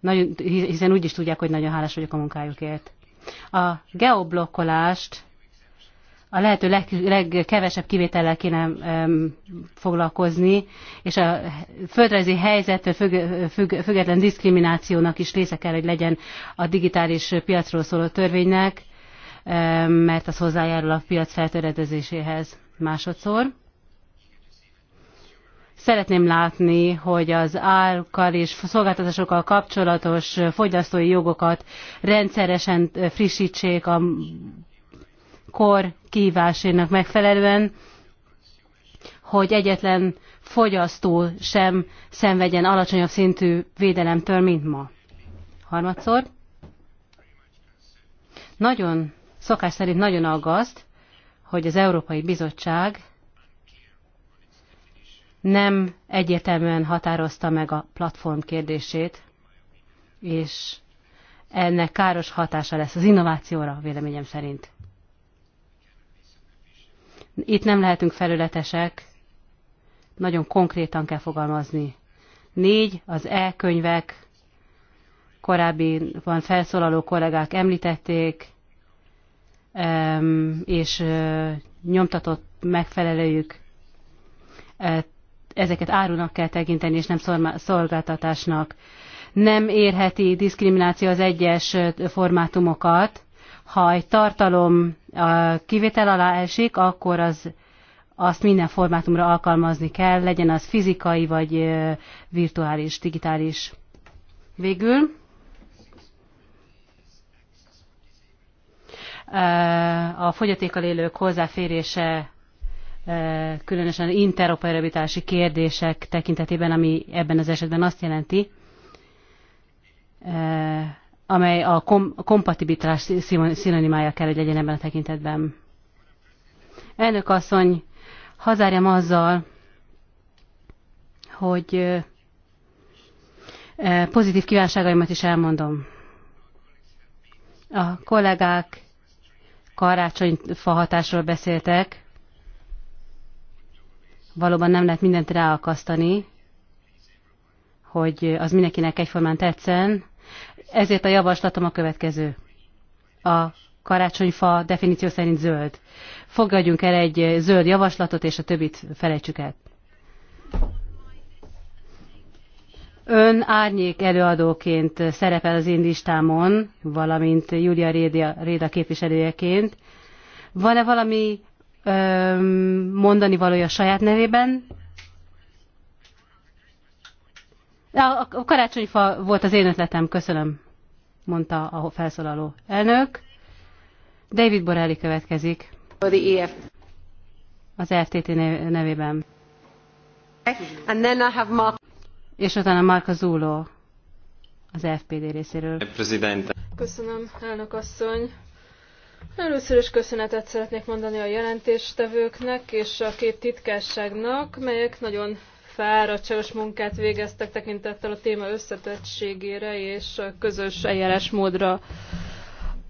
nagyon, hiszen úgy is tudják, hogy nagyon hálás vagyok a munkájukért. A geoblokkolást a lehető leg, legkevesebb kivétellel kéne um, foglalkozni, és a földrajzi helyzettől függ, függ, független diszkriminációnak is része kell, hogy legyen a digitális piacról szóló törvénynek, um, mert az hozzájárul a piac feltöredezéséhez másodszor. Szeretném látni, hogy az árkal és szolgáltatásokkal kapcsolatos fogyasztói jogokat rendszeresen frissítsék a kor kihívásainak megfelelően, hogy egyetlen fogyasztó sem szenvedjen alacsonyabb szintű védelemtől, mint ma. Harmadszor. Nagyon, szokás szerint nagyon aggaszt, hogy az Európai Bizottság nem egyértelműen határozta meg a platform kérdését, és ennek káros hatása lesz az innovációra, véleményem szerint. Itt nem lehetünk felületesek, nagyon konkrétan kell fogalmazni. Négy, az e-könyvek, van felszólaló kollégák említették, és nyomtatott megfelelőjük, e, ezeket árunak kell tekinteni, és nem szolgáltatásnak. Nem érheti diszkrimináció az egyes formátumokat, ha egy tartalom a kivétel alá esik, akkor az azt minden formátumra alkalmazni kell, legyen az fizikai vagy virtuális, digitális. Végül a fogyatékkal élők hozzáférése különösen interoperabilitási kérdések tekintetében, ami ebben az esetben azt jelenti, amely a kom kompatibilitás szinonimája kell, hogy legyen ebben a tekintetben. Elnök asszony, hazárjam azzal, hogy pozitív kívánságaimat is elmondom. A kollégák karácsonyfa hatásról beszéltek. Valóban nem lehet mindent ráakasztani, hogy az mindenkinek egyformán tetszen, ezért a javaslatom a következő. A karácsonyfa definíció szerint zöld. Fogadjunk el egy zöld javaslatot, és a többit felejtsük el. Ön árnyék előadóként szerepel az én listámon, valamint Julia Réda, Réda képviselőjeként. Van-e valami öm, mondani valója saját nevében? A, a karácsonyfa volt az én ötletem, köszönöm mondta a felszólaló elnök. David Borelli következik. E az e FTT nevében. And then I have Mark... És utána Marka Zulo az e FPD részéről. Köszönöm, elnök asszony. Először is köszönetet szeretnék mondani a jelentéstevőknek és a két titkárságnak, melyek nagyon fáradtságos munkát végeztek tekintettel a téma összetettségére és a közös eljárásmódra.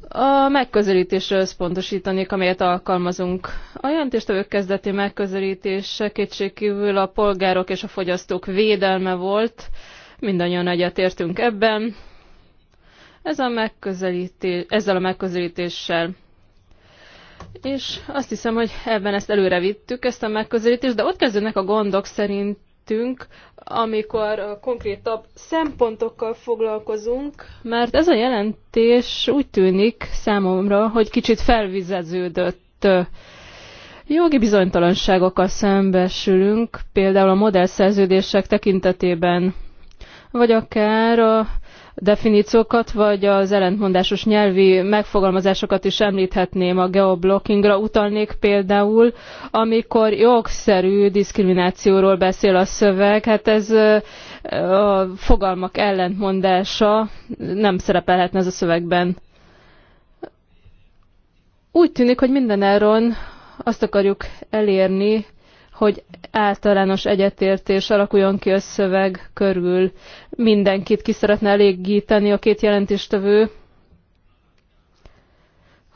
A megközelítésre összpontosítanék, amelyet alkalmazunk. A jelentéstevők kezdeti megközelítése kétségkívül a polgárok és a fogyasztók védelme volt. Mindannyian egyetértünk ebben. Ez a megközelítés, ezzel a megközelítéssel és azt hiszem, hogy ebben ezt előre vittük, ezt a megközelítést, de ott kezdődnek a gondok szerint tettünk, amikor konkrétabb szempontokkal foglalkozunk, mert ez a jelentés úgy tűnik számomra, hogy kicsit felvizeződött jogi bizonytalanságokkal szembesülünk, például a modellszerződések tekintetében, vagy akár a definíciókat, vagy az ellentmondásos nyelvi megfogalmazásokat is említhetném a geoblockingra. Utalnék például, amikor jogszerű diszkriminációról beszél a szöveg, hát ez a fogalmak ellentmondása nem szerepelhetne ez a szövegben. Úgy tűnik, hogy minden azt akarjuk elérni, hogy általános egyetértés alakuljon ki a szöveg körül. Mindenkit ki szeretne elégíteni a két jelentéstevő,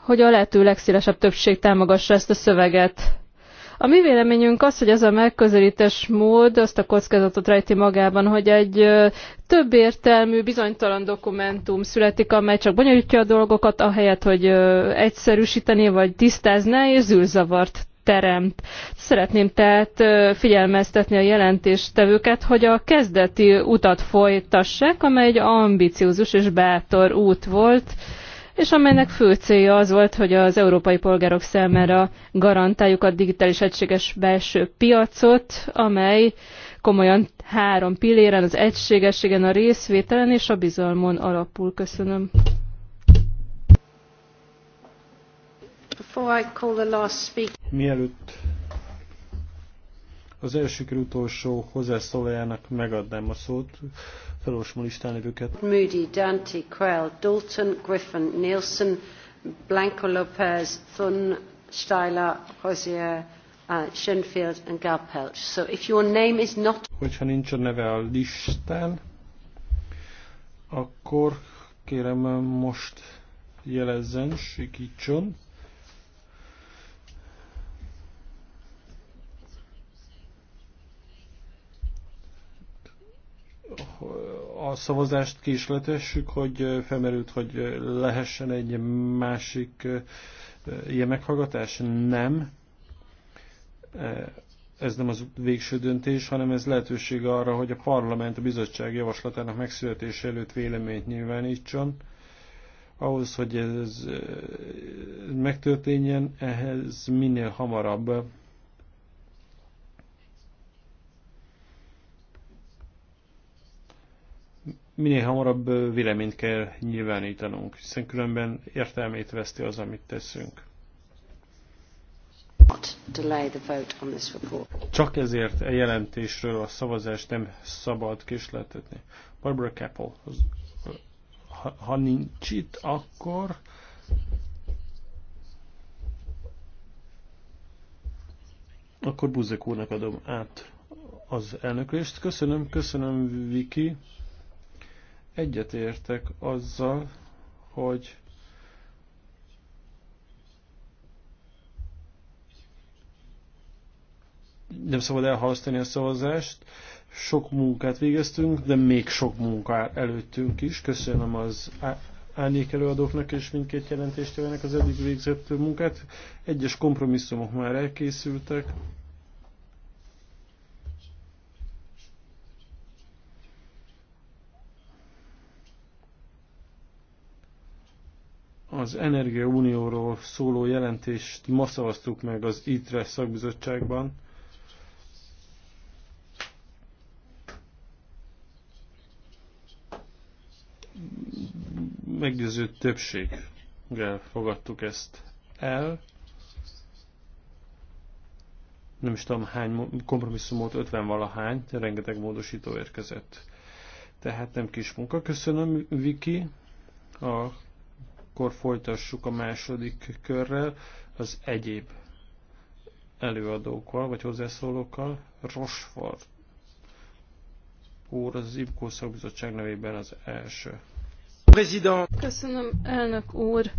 hogy a lehető legszélesebb többség támogassa ezt a szöveget. A mi véleményünk az, hogy ez a megközelítés mód azt a kockázatot rejti magában, hogy egy több értelmű, bizonytalan dokumentum születik, amely csak bonyolítja a dolgokat, ahelyett, hogy egyszerűsíteni vagy tisztázná és zűrzavart teremt. Szeretném tehát figyelmeztetni a jelentéstevőket, hogy a kezdeti utat folytassák, amely egy ambiciózus és bátor út volt, és amelynek fő célja az volt, hogy az európai polgárok számára garantáljuk a digitális egységes belső piacot, amely komolyan három pilléren, az egységességen, a részvételen és a bizalmon alapul. Köszönöm. Mielőtt az első utolsó hozzászólójának megadnám a szót, felolvasom a listán lévőket. Moody, Dante, Quell, Dalton, Griffin, Nielsen, Blanco Lopez, Thun, Steiler, Rosier, uh, Schoenfield and Galpelch. So if your name is not... Hogyha nincs a neve a listán, akkor kérem most jelezzen, sikítson. a szavazást késletessük, hogy felmerült, hogy lehessen egy másik ilyen meghallgatás? Nem. Ez nem az végső döntés, hanem ez lehetőség arra, hogy a parlament a bizottság javaslatának megszületése előtt véleményt nyilvánítson. Ahhoz, hogy ez megtörténjen, ehhez minél hamarabb minél hamarabb véleményt kell nyilvánítanunk, hiszen különben értelmét veszti az, amit teszünk. Csak ezért a e jelentésről a szavazást nem szabad késletetni. Barbara Keppel, ha, ha nincs itt, akkor akkor Buzek úrnak adom át az elnöklést. Köszönöm, köszönöm Viki. Egyetértek azzal, hogy nem szabad elhalasztani a szavazást. Sok munkát végeztünk, de még sok munka előttünk is. Köszönöm az árnyék előadóknak és mindkét jelentéstevőnek az eddig végzett munkát. Egyes kompromisszumok már elkészültek. Az Energia Unióról szóló jelentést ma szavaztuk meg az ITRE szakbizottságban. Meggyőző többséggel fogadtuk ezt el. Nem is tudom hány kompromisszumot, 50 valahány, rengeteg módosító érkezett. Tehát nem kis munka. Köszönöm, Viki, a akkor folytassuk a második körrel az egyéb előadókkal, vagy hozzászólókkal. Rosford úr az IPCO szakbizottság nevében az első. President. Köszönöm, elnök úr.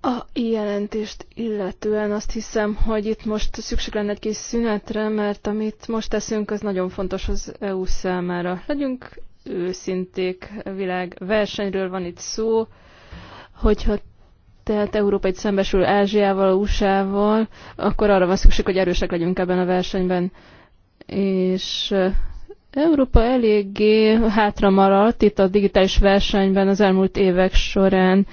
A jelentést illetően azt hiszem, hogy itt most szükség lenne egy kis szünetre, mert amit most teszünk, az nagyon fontos az EU számára. Legyünk őszinték, világ versenyről van itt szó, Hogyha tehát Európait szembesül Ázsiával, USA-val, akkor arra van szükség, hogy erősek legyünk ebben a versenyben. És eh, Európa eléggé hátra maradt itt a digitális versenyben az elmúlt évek során.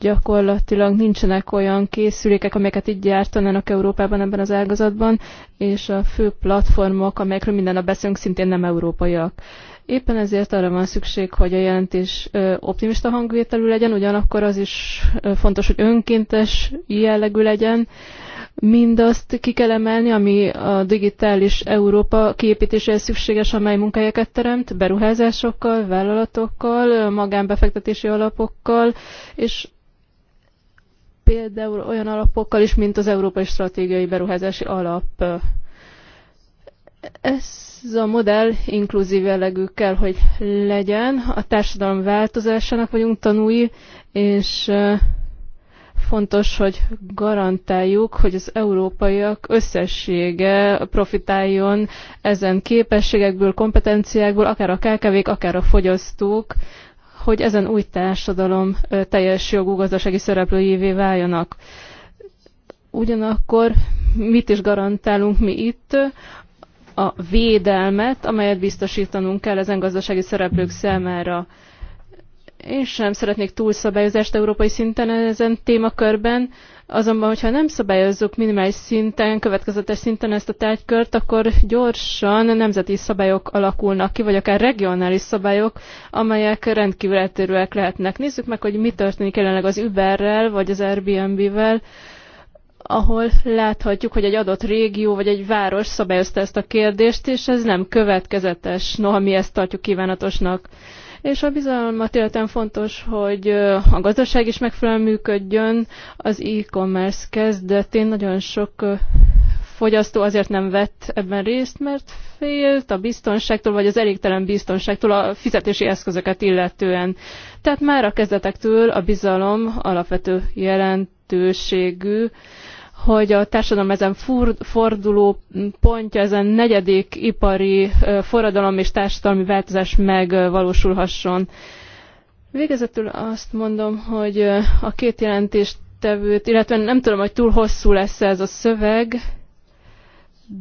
Gyakorlatilag nincsenek olyan készülékek, amelyeket így gyártanának Európában ebben az ágazatban, és a fő platformok, amelyekről minden nap beszélünk, szintén nem európaiak. Éppen ezért arra van szükség, hogy a jelentés optimista hangvételű legyen, ugyanakkor az is fontos, hogy önkéntes jellegű legyen. Mindazt ki kell emelni, ami a digitális Európa kiépítéséhez szükséges, amely munkahelyeket teremt, beruházásokkal, vállalatokkal, magánbefektetési alapokkal, és például olyan alapokkal is, mint az Európai Stratégiai Beruházási Alap ez a modell inkluzív jellegű kell, hogy legyen. A társadalom változásának vagyunk tanúi, és fontos, hogy garantáljuk, hogy az európaiak összessége profitáljon ezen képességekből, kompetenciákból, akár a KKV-k, akár a fogyasztók, hogy ezen új társadalom teljes jogú gazdasági szereplőjévé váljanak. Ugyanakkor mit is garantálunk mi itt? a védelmet, amelyet biztosítanunk kell ezen gazdasági szereplők számára. Én sem szeretnék túlszabályozást európai szinten ezen témakörben, azonban, hogyha nem szabályozzuk minimális szinten, következetes szinten ezt a tárgykört, akkor gyorsan nemzeti szabályok alakulnak ki, vagy akár regionális szabályok, amelyek rendkívül eltérőek lehetnek. Nézzük meg, hogy mi történik jelenleg az Uberrel, vagy az Airbnb-vel, ahol láthatjuk, hogy egy adott régió vagy egy város szabályozta ezt a kérdést, és ez nem következetes, noha mi ezt tartjuk kívánatosnak. És a bizalmat illetően fontos, hogy a gazdaság is megfelelően működjön. Az e-commerce kezdetén nagyon sok fogyasztó azért nem vett ebben részt, mert félt a biztonságtól, vagy az elégtelen biztonságtól a fizetési eszközöket illetően. Tehát már a kezdetektől a bizalom alapvető jelentőségű hogy a társadalom ezen forduló pontja, ezen negyedik ipari forradalom és társadalmi változás megvalósulhasson. Végezetül azt mondom, hogy a két jelentéstevőt, illetve nem tudom, hogy túl hosszú lesz ez a szöveg,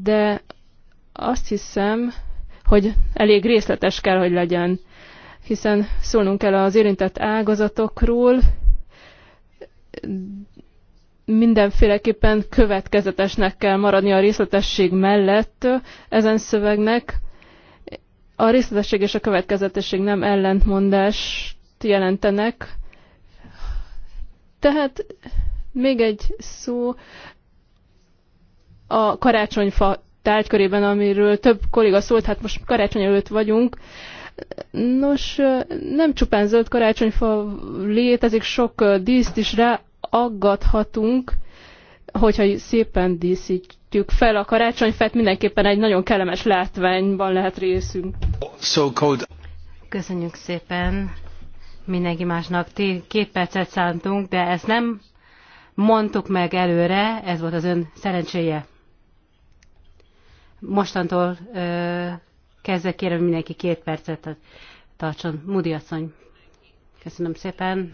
de azt hiszem, hogy elég részletes kell, hogy legyen, hiszen szólnunk kell az érintett ágazatokról, mindenféleképpen következetesnek kell maradni a részletesség mellett ezen szövegnek. A részletesség és a következetesség nem ellentmondást jelentenek. Tehát még egy szó a karácsonyfa tárgykörében, amiről több kolléga szólt, hát most karácsony előtt vagyunk. Nos, nem csupán zöld karácsonyfa létezik, sok díszt is rá aggathatunk, hogyha szépen díszítjük fel a karácsonyfát, mindenképpen egy nagyon kellemes látványban lehet részünk. So cold. Köszönjük szépen mindenki másnak. Két percet szántunk, de ezt nem mondtuk meg előre, ez volt az ön szerencséje. Mostantól ö, kezdve kérem mindenki két percet tartson. Mudi asszony. Köszönöm szépen.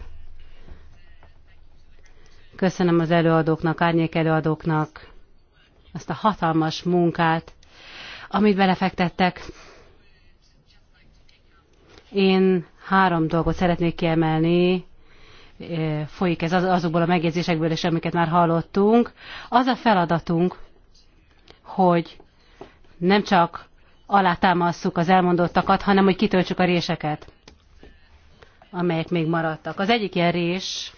Köszönöm az előadóknak, árnyék előadóknak azt a hatalmas munkát, amit belefektettek. Én három dolgot szeretnék kiemelni, eh, folyik ez azokból a megjegyzésekből is, amiket már hallottunk. Az a feladatunk, hogy nem csak alátámasszuk az elmondottakat, hanem hogy kitöltsük a réseket, amelyek még maradtak. Az egyik ilyen rés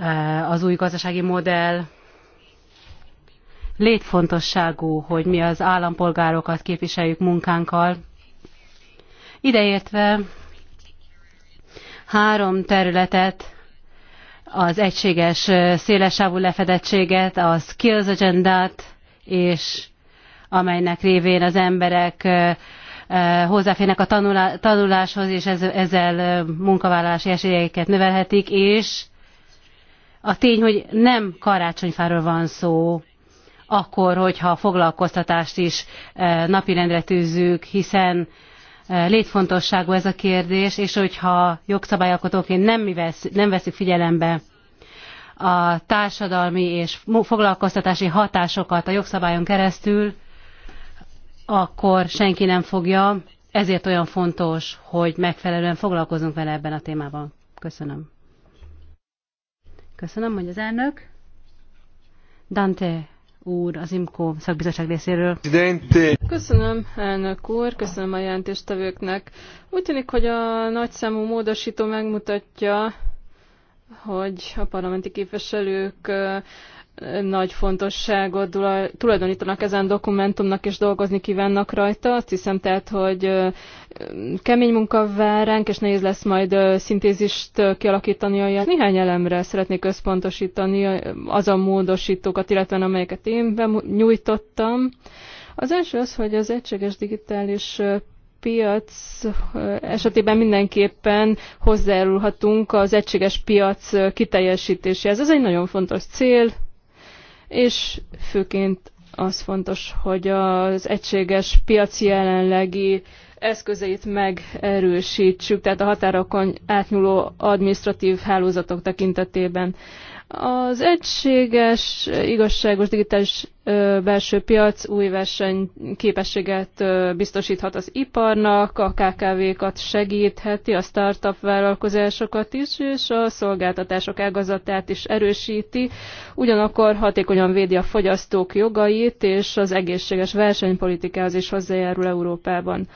Eh, az új gazdasági modell létfontosságú, hogy mi az állampolgárokat képviseljük munkánkkal. Ideértve három területet, az egységes eh, szélesávú lefedettséget, a skills agendát, és amelynek révén az emberek eh, hozzáférnek a tanuláshoz, és ezzel munkavállalási esélyeiket növelhetik, és a tény, hogy nem karácsonyfáról van szó, akkor, hogyha a foglalkoztatást is e, napirendre tűzzük, hiszen e, létfontosságú ez a kérdés, és hogyha jogszabályalkotóként nem, vesz, nem veszük figyelembe a társadalmi és foglalkoztatási hatásokat a jogszabályon keresztül, akkor senki nem fogja. Ezért olyan fontos, hogy megfelelően foglalkozunk vele ebben a témában. Köszönöm. Köszönöm, hogy az elnök. Dante úr, az IMKO szakbizottság részéről. Köszönöm, elnök úr, köszönöm a jelentéstevőknek. Úgy tűnik, hogy a nagyszámú módosító megmutatja, hogy a parlamenti képviselők nagy fontosságot tulajdonítanak ezen dokumentumnak, és dolgozni kívánnak rajta. Azt hiszem tehát, hogy kemény munka vár ránk, és nehéz lesz majd szintézist kialakítani a Néhány elemre szeretnék összpontosítani a módosítókat, illetve amelyeket én nyújtottam. Az első az, hogy az egységes digitális piac esetében mindenképpen hozzájárulhatunk az egységes piac kiteljesítéséhez. Ez egy nagyon fontos cél, és főként az fontos, hogy az egységes piaci jelenlegi eszközeit megerősítsük, tehát a határokon átnyúló administratív hálózatok tekintetében. Az egységes, igazságos digitális belső piac új versenyképességet biztosíthat az iparnak, a KKV-kat segítheti, a startup vállalkozásokat is, és a szolgáltatások ágazatát is erősíti, ugyanakkor hatékonyan védi a fogyasztók jogait, és az egészséges versenypolitikához is hozzájárul Európában.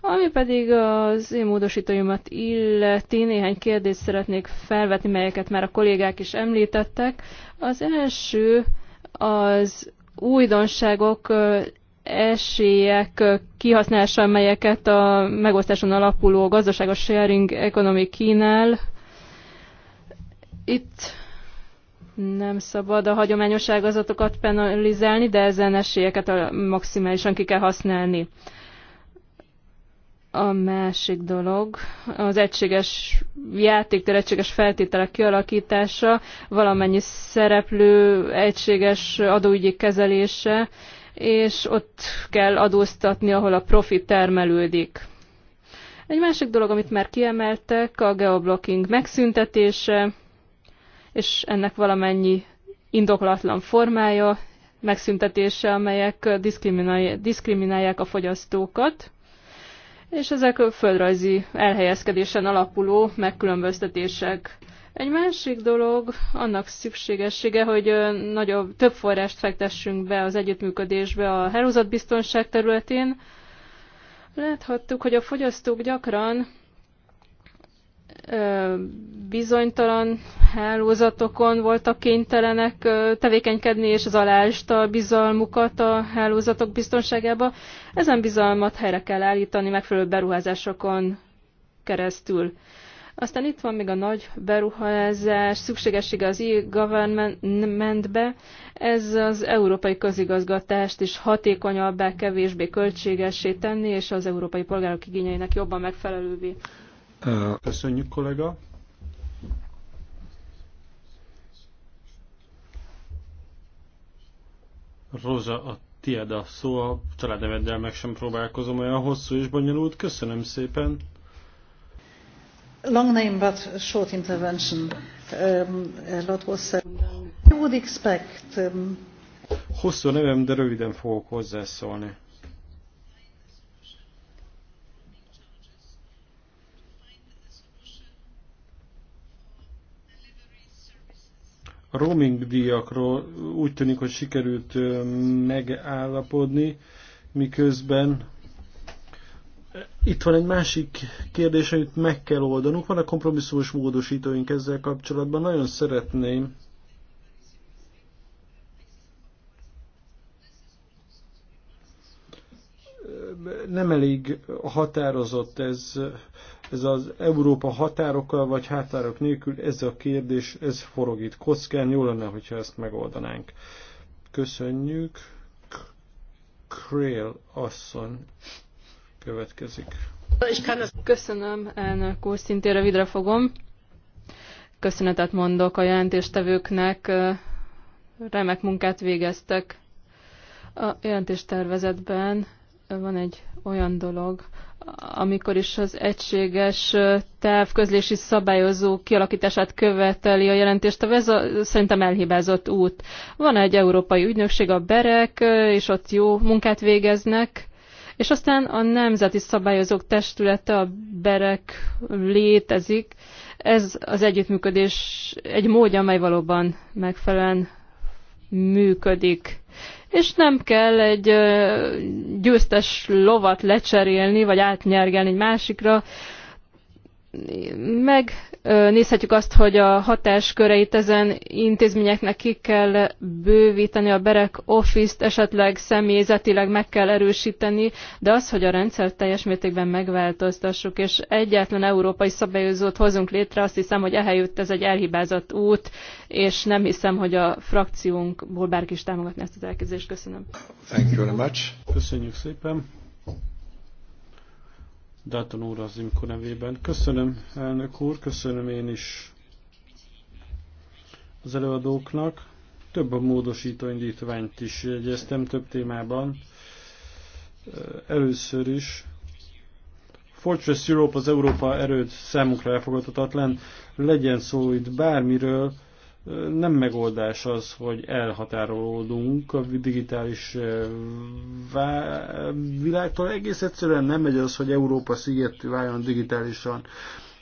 Ami pedig az én módosítóimat illeti, néhány kérdést szeretnék felvetni, melyeket már a kollégák is említettek. Az első az újdonságok esélyek kihasználása, melyeket a megosztáson alapuló gazdaságos sharing economy kínál. Itt nem szabad a hagyományos ágazatokat penalizálni, de ezen esélyeket maximálisan ki kell használni. A másik dolog az egységes játéktér, egységes feltételek kialakítása, valamennyi szereplő egységes adóügyi kezelése, és ott kell adóztatni, ahol a profit termelődik. Egy másik dolog, amit már kiemeltek, a geoblocking megszüntetése, és ennek valamennyi indoklatlan formája, megszüntetése, amelyek diszkriminálják a fogyasztókat és ezek földrajzi elhelyezkedésen alapuló megkülönböztetések. Egy másik dolog annak szükségessége, hogy nagyobb, több forrást fektessünk be az együttműködésbe a hálózatbiztonság területén. Láthattuk, hogy a fogyasztók gyakran bizonytalan hálózatokon voltak kénytelenek tevékenykedni, és az alást a bizalmukat a hálózatok biztonságába. Ezen bizalmat helyre kell állítani megfelelő beruházásokon keresztül. Aztán itt van még a nagy beruházás, szükségessége az e-governmentbe. Ez az európai közigazgatást is hatékonyabbá, kevésbé költségessé tenni, és az európai polgárok igényeinek jobban megfelelővé. Köszönjük, kollega. Rosa, a tiéd a szó, a családneveddel meg sem próbálkozom, olyan hosszú és bonyolult. Köszönöm szépen. Long name, but short intervention. Um, a lot was said. You would expect... Um... Hosszú nevem, de röviden fogok hozzászólni. roaming díjakról úgy tűnik, hogy sikerült megállapodni, miközben itt van egy másik kérdés, amit meg kell oldanunk. Van a kompromisszumos módosítóink ezzel kapcsolatban. Nagyon szeretném, nem elég határozott ez ez az Európa határokkal vagy határok nélkül, ez a kérdés, ez forog itt kockán, jó lenne, hogyha ezt megoldanánk. Köszönjük. Krél asszony következik. Köszönöm, elnök úr, szintén rövidre fogom. Köszönetet mondok a jelentéstevőknek, remek munkát végeztek. A jelentéstervezetben van egy olyan dolog, amikor is az egységes távközlési szabályozó kialakítását követeli a jelentést, ez a, szerintem elhibázott út. Van egy európai ügynökség, a BEREK, és ott jó munkát végeznek, és aztán a Nemzeti Szabályozók Testülete, a BEREK létezik. Ez az együttműködés egy módja, amely valóban megfelelően működik és nem kell egy győztes lovat lecserélni, vagy átnyergelni egy másikra, meg nézhetjük azt, hogy a hatásköreit ezen intézményeknek ki kell bővíteni, a Berek Office-t esetleg személyzetileg meg kell erősíteni, de az, hogy a rendszer teljes mértékben megváltoztassuk, és egyetlen európai szabályozót hozzunk létre, azt hiszem, hogy ehelyett ez egy elhibázott út, és nem hiszem, hogy a frakciónkból bárki is támogatná ezt az elképzelést. Köszönöm. Köszönjük szépen. Dalton úr az Imko nevében. Köszönöm, elnök úr, köszönöm én is az előadóknak. Több a módosító indítványt is jegyeztem több témában. Először is Fortress Europe az Európa erőd számunkra elfogadhatatlan. Legyen szó itt bármiről, nem megoldás az, hogy elhatárolódunk a digitális eh, világtól. Egész egyszerűen nem megy az, hogy Európa sziget váljon digitálisan.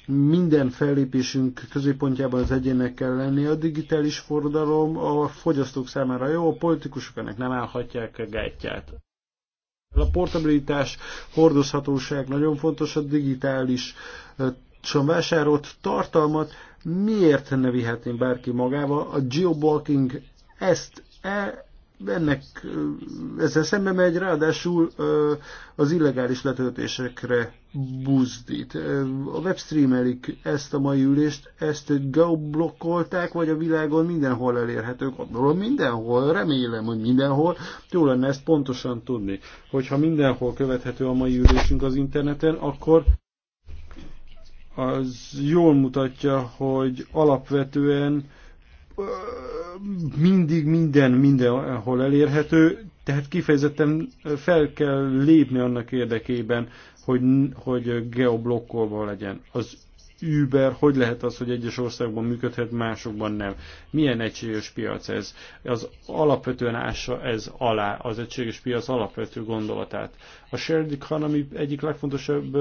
Minden fellépésünk középpontjában az egyének kell lenni. A digitális forradalom a fogyasztók számára jó, a politikusok ennek nem állhatják a gátját. A portabilitás, hordozhatóság nagyon fontos, a digitális eh, vásárolt tartalmat miért ne vihetném bárki magával? A geoblocking ezt e, ennek ezzel szembe megy, ráadásul az illegális letöltésekre buzdít. A webstreamelik ezt a mai ülést, ezt geoblokkolták, vagy a világon mindenhol elérhető? Gondolom mindenhol, remélem, hogy mindenhol. Jó lenne ezt pontosan tudni, hogyha mindenhol követhető a mai ülésünk az interneten, akkor az jól mutatja, hogy alapvetően mindig minden mindenhol elérhető, tehát kifejezetten fel kell lépni annak érdekében, hogy, hogy geoblokkolva legyen. Az Uber, hogy lehet az, hogy egyes országban működhet, másokban nem? Milyen egységes piac ez? Az alapvetően ássa ez alá, az egységes piac alapvető gondolatát. A shared economy egyik legfontosabb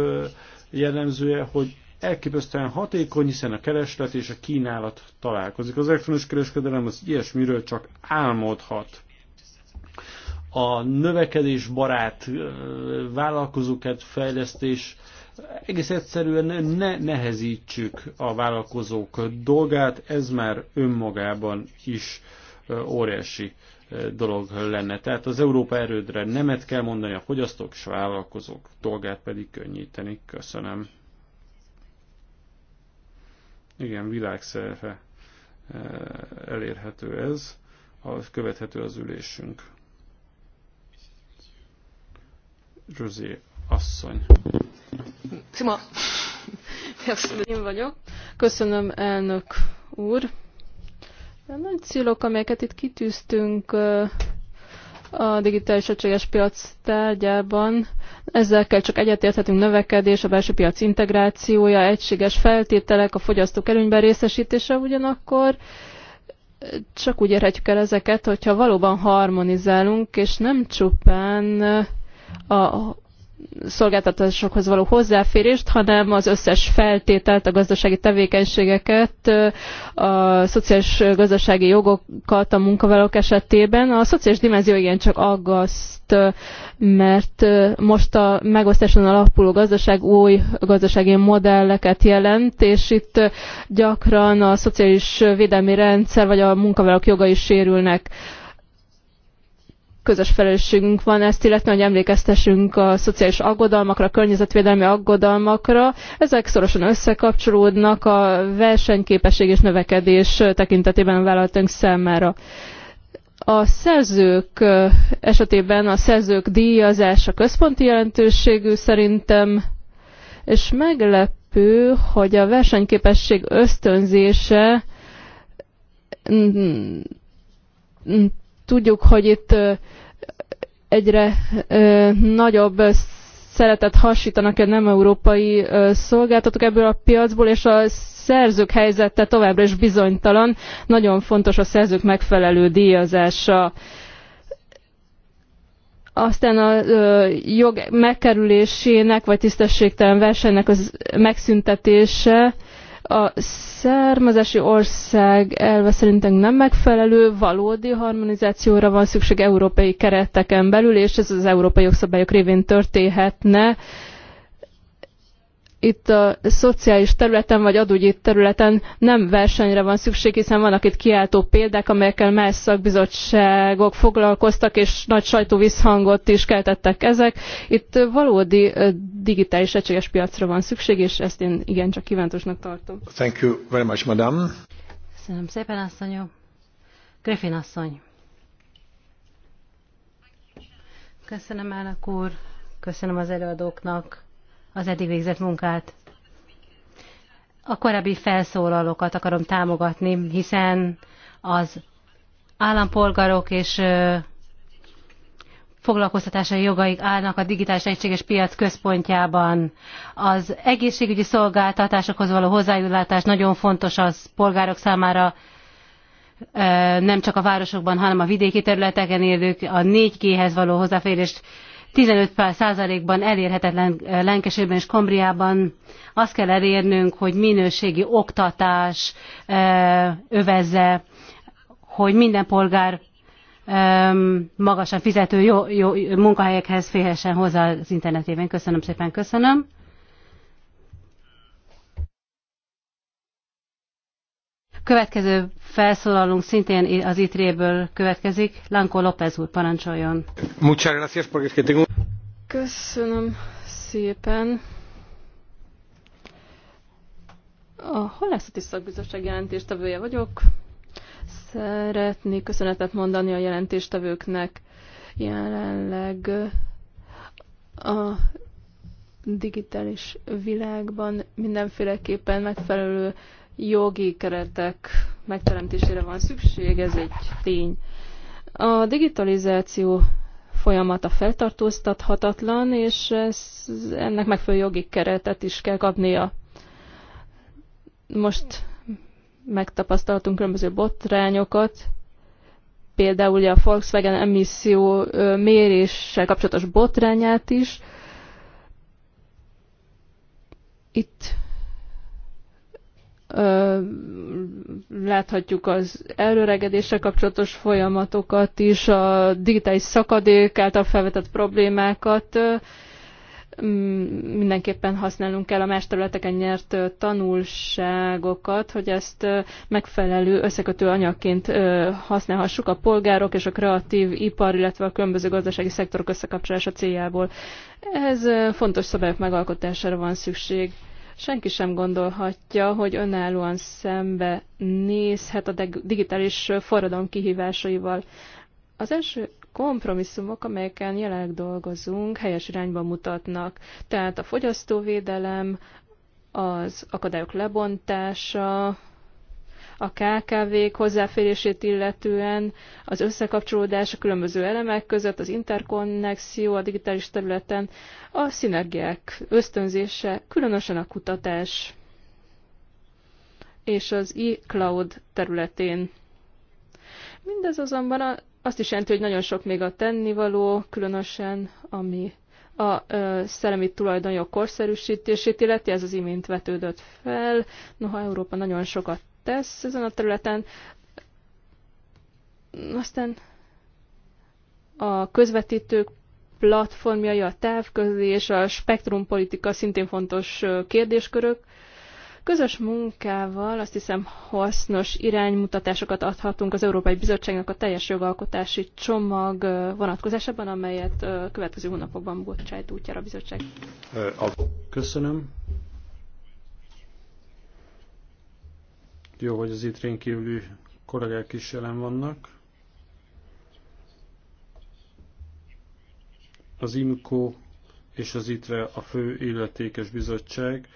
jellemzője, hogy elképesztően hatékony, hiszen a kereslet és a kínálat találkozik. Az elektronos kereskedelem az ilyesmiről csak álmodhat. A növekedés barát vállalkozókat fejlesztés egész egyszerűen ne nehezítsük a vállalkozók dolgát, ez már önmagában is óriási dolog lenne. Tehát az Európa erődre nemet kell mondani, a fogyasztók és a vállalkozók dolgát pedig könnyíteni. Köszönöm. Igen, világszerte eh, elérhető ez, követhető az ülésünk. Rosé asszony. Szima. Én vagyok. Köszönöm, elnök úr. A nagy célok, amelyeket itt kitűztünk, eh, a digitális egységes piac tárgyában. Ezekkel csak egyetérthetünk növekedés, a belső piac integrációja, egységes feltételek, a fogyasztók előnyben részesítése ugyanakkor csak úgy érhetjük el ezeket, hogyha valóban harmonizálunk, és nem csupán a szolgáltatásokhoz való hozzáférést, hanem az összes feltételt, a gazdasági tevékenységeket, a szociális gazdasági jogokat a munkavállalók esetében. A szociális dimenzió igen csak aggaszt, mert most a megosztáson alapuló gazdaság új gazdasági modelleket jelent, és itt gyakran a szociális védelmi rendszer vagy a munkavállalók jogai sérülnek közös felelősségünk van ezt, illetve hogy emlékeztessünk a szociális aggodalmakra, a környezetvédelmi aggodalmakra. Ezek szorosan összekapcsolódnak a versenyképesség és növekedés tekintetében vállalatunk számára. A szerzők esetében a szerzők díjazása központi jelentőségű szerintem, és meglepő, hogy a versenyképesség ösztönzése Tudjuk, hogy itt egyre nagyobb szeretet hasítanak a nem európai szolgáltatók ebből a piacból, és a szerzők helyzete továbbra is bizonytalan. Nagyon fontos a szerzők megfelelő díjazása. Aztán a jog megkerülésének, vagy tisztességtelen versenynek az megszüntetése a származási ország elve szerintem nem megfelelő, valódi harmonizációra van szükség európai kereteken belül, és ez az európai jogszabályok révén történhetne itt a szociális területen vagy adógyi területen nem versenyre van szükség, hiszen vannak itt kiáltó példák, amelyekkel más szakbizottságok foglalkoztak, és nagy sajtóvisszhangot is keltettek ezek. Itt valódi digitális egységes piacra van szükség, és ezt én igencsak kívántosnak tartom. Thank you very much, madam. Köszönöm szépen, asszonyom. Griffin asszony. Köszönöm, elnök úr. Köszönöm az előadóknak az eddig végzett munkát. A korábbi felszólalókat akarom támogatni, hiszen az állampolgárok és foglalkoztatása jogaik állnak a digitális egységes piac központjában. Az egészségügyi szolgáltatásokhoz való hozzájutás nagyon fontos az polgárok számára, nem csak a városokban, hanem a vidéki területeken élők a 4G-hez való hozzáférést 15%-ban elérhetetlen eh, lancashire és Kombriában. Azt kell elérnünk, hogy minőségi oktatás eh, övezze, hogy minden polgár magasan fizető jó, jó munkahelyekhez férhessen hozzá az internetében. Köszönöm szépen, köszönöm. Következő felszólalunk szintén az itre ből következik. Lanko López úr, parancsoljon. Köszönöm szépen. A Halászati Szakbizottság jelentéstevője vagyok. Szeretnék köszönetet mondani a jelentéstevőknek. Jelenleg a digitális világban mindenféleképpen megfelelő jogi keretek megteremtésére van szükség, ez egy tény. A digitalizáció folyamata feltartóztathatatlan, és ez, ennek megfelelő jogi keretet is kell kapnia. Most megtapasztaltunk különböző botrányokat, például ugye a Volkswagen emisszió méréssel kapcsolatos botrányát is. Itt láthatjuk az előregedéssel kapcsolatos folyamatokat is, a digitális szakadék által felvetett problémákat. Mindenképpen használnunk kell a más területeken nyert tanulságokat, hogy ezt megfelelő összekötő anyagként használhassuk a polgárok és a kreatív ipar, illetve a különböző gazdasági szektorok összekapcsolása céljából. Ez fontos szabályok megalkotására van szükség. Senki sem gondolhatja, hogy önállóan szembe nézhet a digitális forradalom kihívásaival. Az első kompromisszumok, amelyeken jelenleg dolgozunk, helyes irányba mutatnak. Tehát a fogyasztóvédelem, az akadályok lebontása, a KKV-k hozzáférését illetően, az összekapcsolódás a különböző elemek között, az interkonnexió a digitális területen, a szinergiák ösztönzése, különösen a kutatás és az e-cloud területén. Mindez azonban azt is jelenti, hogy nagyon sok még a tennivaló, különösen ami a ö, szellemi tulajdonjog korszerűsítését illeti, ez az imént vetődött fel. Noha Európa nagyon sokat tesz ezen a területen. Aztán a közvetítők platformjai, a távközlés, a spektrumpolitika szintén fontos kérdéskörök. Közös munkával azt hiszem hasznos iránymutatásokat adhatunk az Európai Bizottságnak a teljes jogalkotási csomag vonatkozásában, amelyet következő hónapokban bocsájt útjára a bizottság. Köszönöm. jó, hogy az itt rénkívüli kollégák is jelen vannak. Az IMCO és az ITRE a fő illetékes bizottság.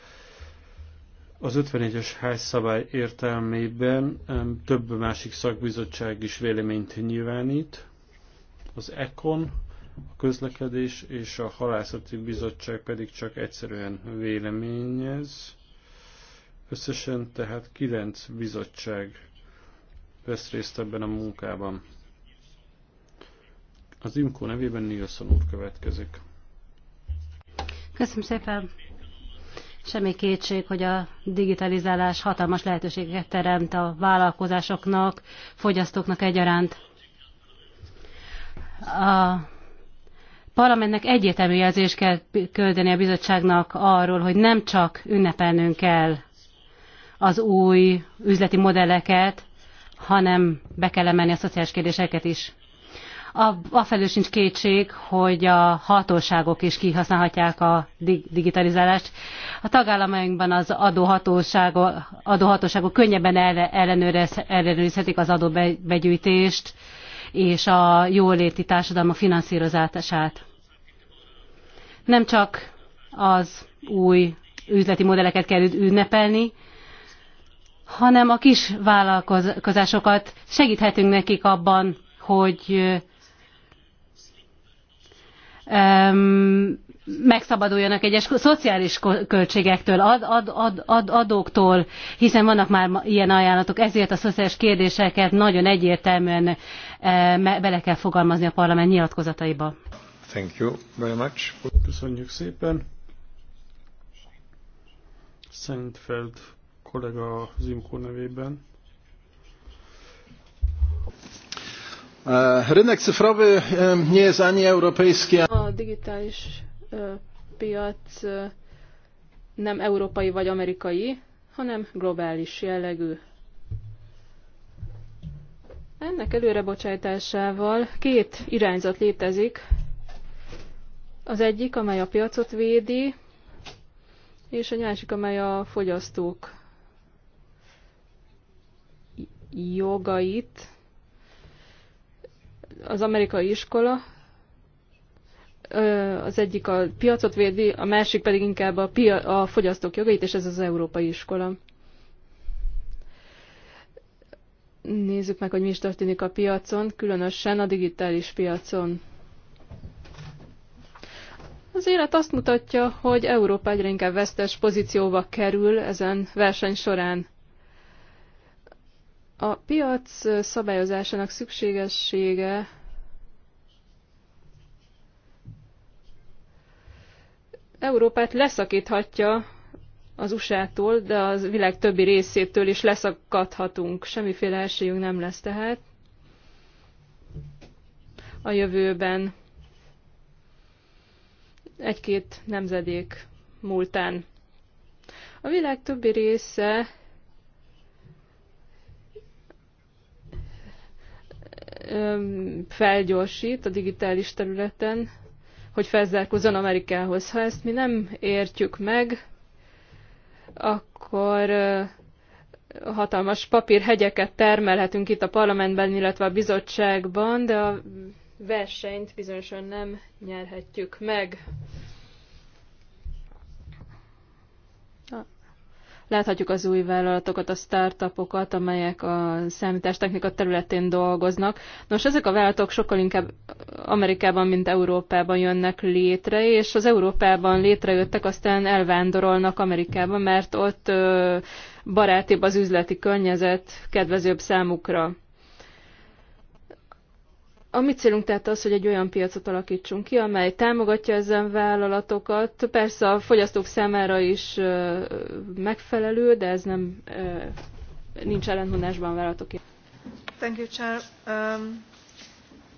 Az 51-es házszabály értelmében több másik szakbizottság is véleményt nyilvánít. Az ECON, a közlekedés és a halászati bizottság pedig csak egyszerűen véleményez. Összesen tehát kilenc bizottság vesz részt ebben a munkában. Az IMCO nevében Nilsson úr következik. Köszönöm szépen! Semmi kétség, hogy a digitalizálás hatalmas lehetőségeket teremt a vállalkozásoknak, fogyasztóknak egyaránt. A parlamentnek egyértelmű jelzést kell küldeni a bizottságnak arról, hogy nem csak ünnepelnünk kell az új üzleti modelleket, hanem be kell emelni a szociális kérdéseket is. A felül sincs kétség, hogy a hatóságok is kihasználhatják a digitalizálást. A tagállamainkban az adóhatóságok, adóhatóságok könnyebben ellenőrizhetik az adóbegyűjtést és a jóléti társadalmak finanszírozását. Nem csak az új üzleti modelleket kell ünnepelni, hanem a kis vállalkozásokat segíthetünk nekik abban, hogy megszabaduljanak egyes szociális költségektől, ad, ad, ad, ad, adóktól, hiszen vannak már ilyen ajánlatok, ezért a szociális kérdéseket nagyon egyértelműen e, bele kell fogalmazni a parlament nyilatkozataiba. Thank you very much. Köszönjük szépen. Szentfeld kollega Zimko nevében. E, rynek cyfrowy e, nie jest ani europejski. ani... A digitális e, piac nem európai vagy amerikai, hanem globális jellegű. Ennek előrebocsájtásával két irányzat létezik. Az egyik, amely a piacot védi, és a másik, amely a fogyasztók jogait az amerikai iskola, az egyik a piacot védi, a másik pedig inkább a, pia- a fogyasztók jogait, és ez az európai iskola. Nézzük meg, hogy mi is történik a piacon, különösen a digitális piacon. Az élet azt mutatja, hogy Európa egyre inkább vesztes pozícióba kerül ezen verseny során. A piac szabályozásának szükségessége Európát leszakíthatja az USA-tól, de a világ többi részétől is leszakadhatunk. Semmiféle esélyünk nem lesz tehát a jövőben egy-két nemzedék múltán. A világ többi része felgyorsít a digitális területen, hogy felzárkózzon Amerikához. Ha ezt mi nem értjük meg, akkor hatalmas papírhegyeket termelhetünk itt a parlamentben, illetve a bizottságban, de a versenyt bizonyosan nem nyerhetjük meg. Láthatjuk az új vállalatokat, a startupokat, amelyek a számítástechnika területén dolgoznak. Nos, ezek a vállalatok sokkal inkább Amerikában, mint Európában jönnek létre, és az Európában létrejöttek, aztán elvándorolnak Amerikába, mert ott barátibb az üzleti környezet, kedvezőbb számukra. A mi célunk tehát az, hogy egy olyan piacot alakítsunk ki, amely támogatja ezen vállalatokat. Persze a fogyasztók számára is megfelelő, de ez nem nincs ellentmondásban vállalatok. Thank you, Chair. Um,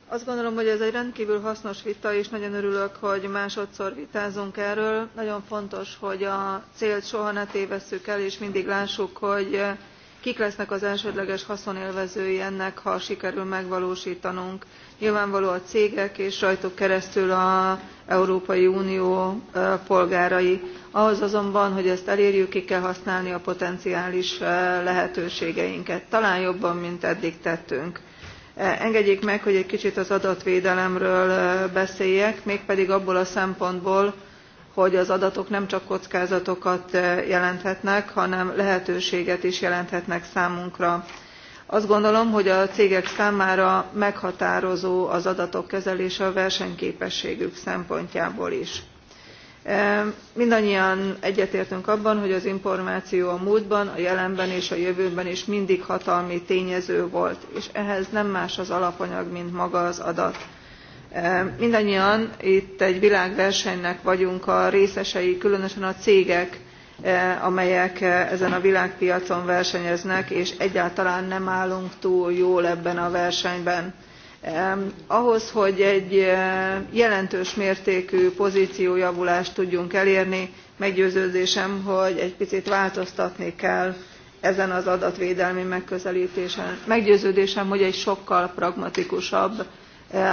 azt gondolom, hogy ez egy rendkívül hasznos vita, és nagyon örülök, hogy másodszor vitázunk erről. Nagyon fontos, hogy a célt soha ne tévesszük el, és mindig lássuk, hogy kik lesznek az elsődleges haszonélvezői ennek ha sikerül megvalóstanunk. nyilvánvaló a cégek és rajtuk keresztül az európai unió polgárai. ahhoz azonban hogy ezt elérjük ki kell használni a potenciális lehetőségeinket talán jobban mint eddig tettünk. E, engedjék meg hogy egy kicsit az adatvédelemről beszéljek mégpedig abból a szempontból hogy az adatok nem csak kockázatokat eh, jelenthetnek hanem lehetőséget is jelenthetnek számunkra. azt gondolom hogy a cégek számára meghatározó az adatok kezelése a versenyképességük szempontjából is. Eh, mindannyian egyetértünk abban hogy az információ a múltban a jelenben és a jövőben is mindig hatalmi tényező volt és ehhez nem más az alapanyag mint maga az adat mindannyian itt egy világversenynek vagyunk a részesei különösen a cégek amelyek ezen a világpiacon versenyeznek és egyáltalán nem állunk túl jól ebben a versenyben. ahhoz hogy egy jelentős mértékű pozciójavulást tudjunk elérni meggyőződésem hogy egy picit változtatni kell ezen az adatvédelmi megközeltésen. meggyőződésem hogy egy sokkal pragmatikusabb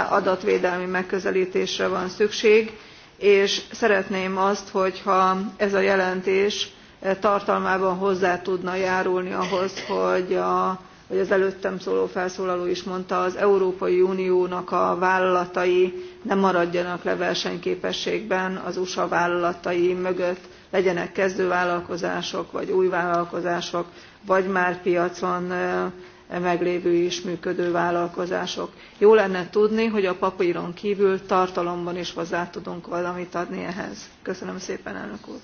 adatvédelmi megközeltésre van szükség és szeretném azt hogyha ez a jelentés eh, tartalmában hozzá tudna járulni ahhoz hogy a ahogy az előttem szóló felszólaló is mondta az európai uniónak a vállalatai ne maradjanak le versenyképességben az usa vállalatai mögött legyenek kezdővállalkozások vagy új vállalkozások vagy már piacon eh, meglévő és működő vállalkozások. jó lenne tudni hogy a papron kvül tartalomban is hozzá tudunk valamit adni ehhez. köszönöm szépen elnök úr!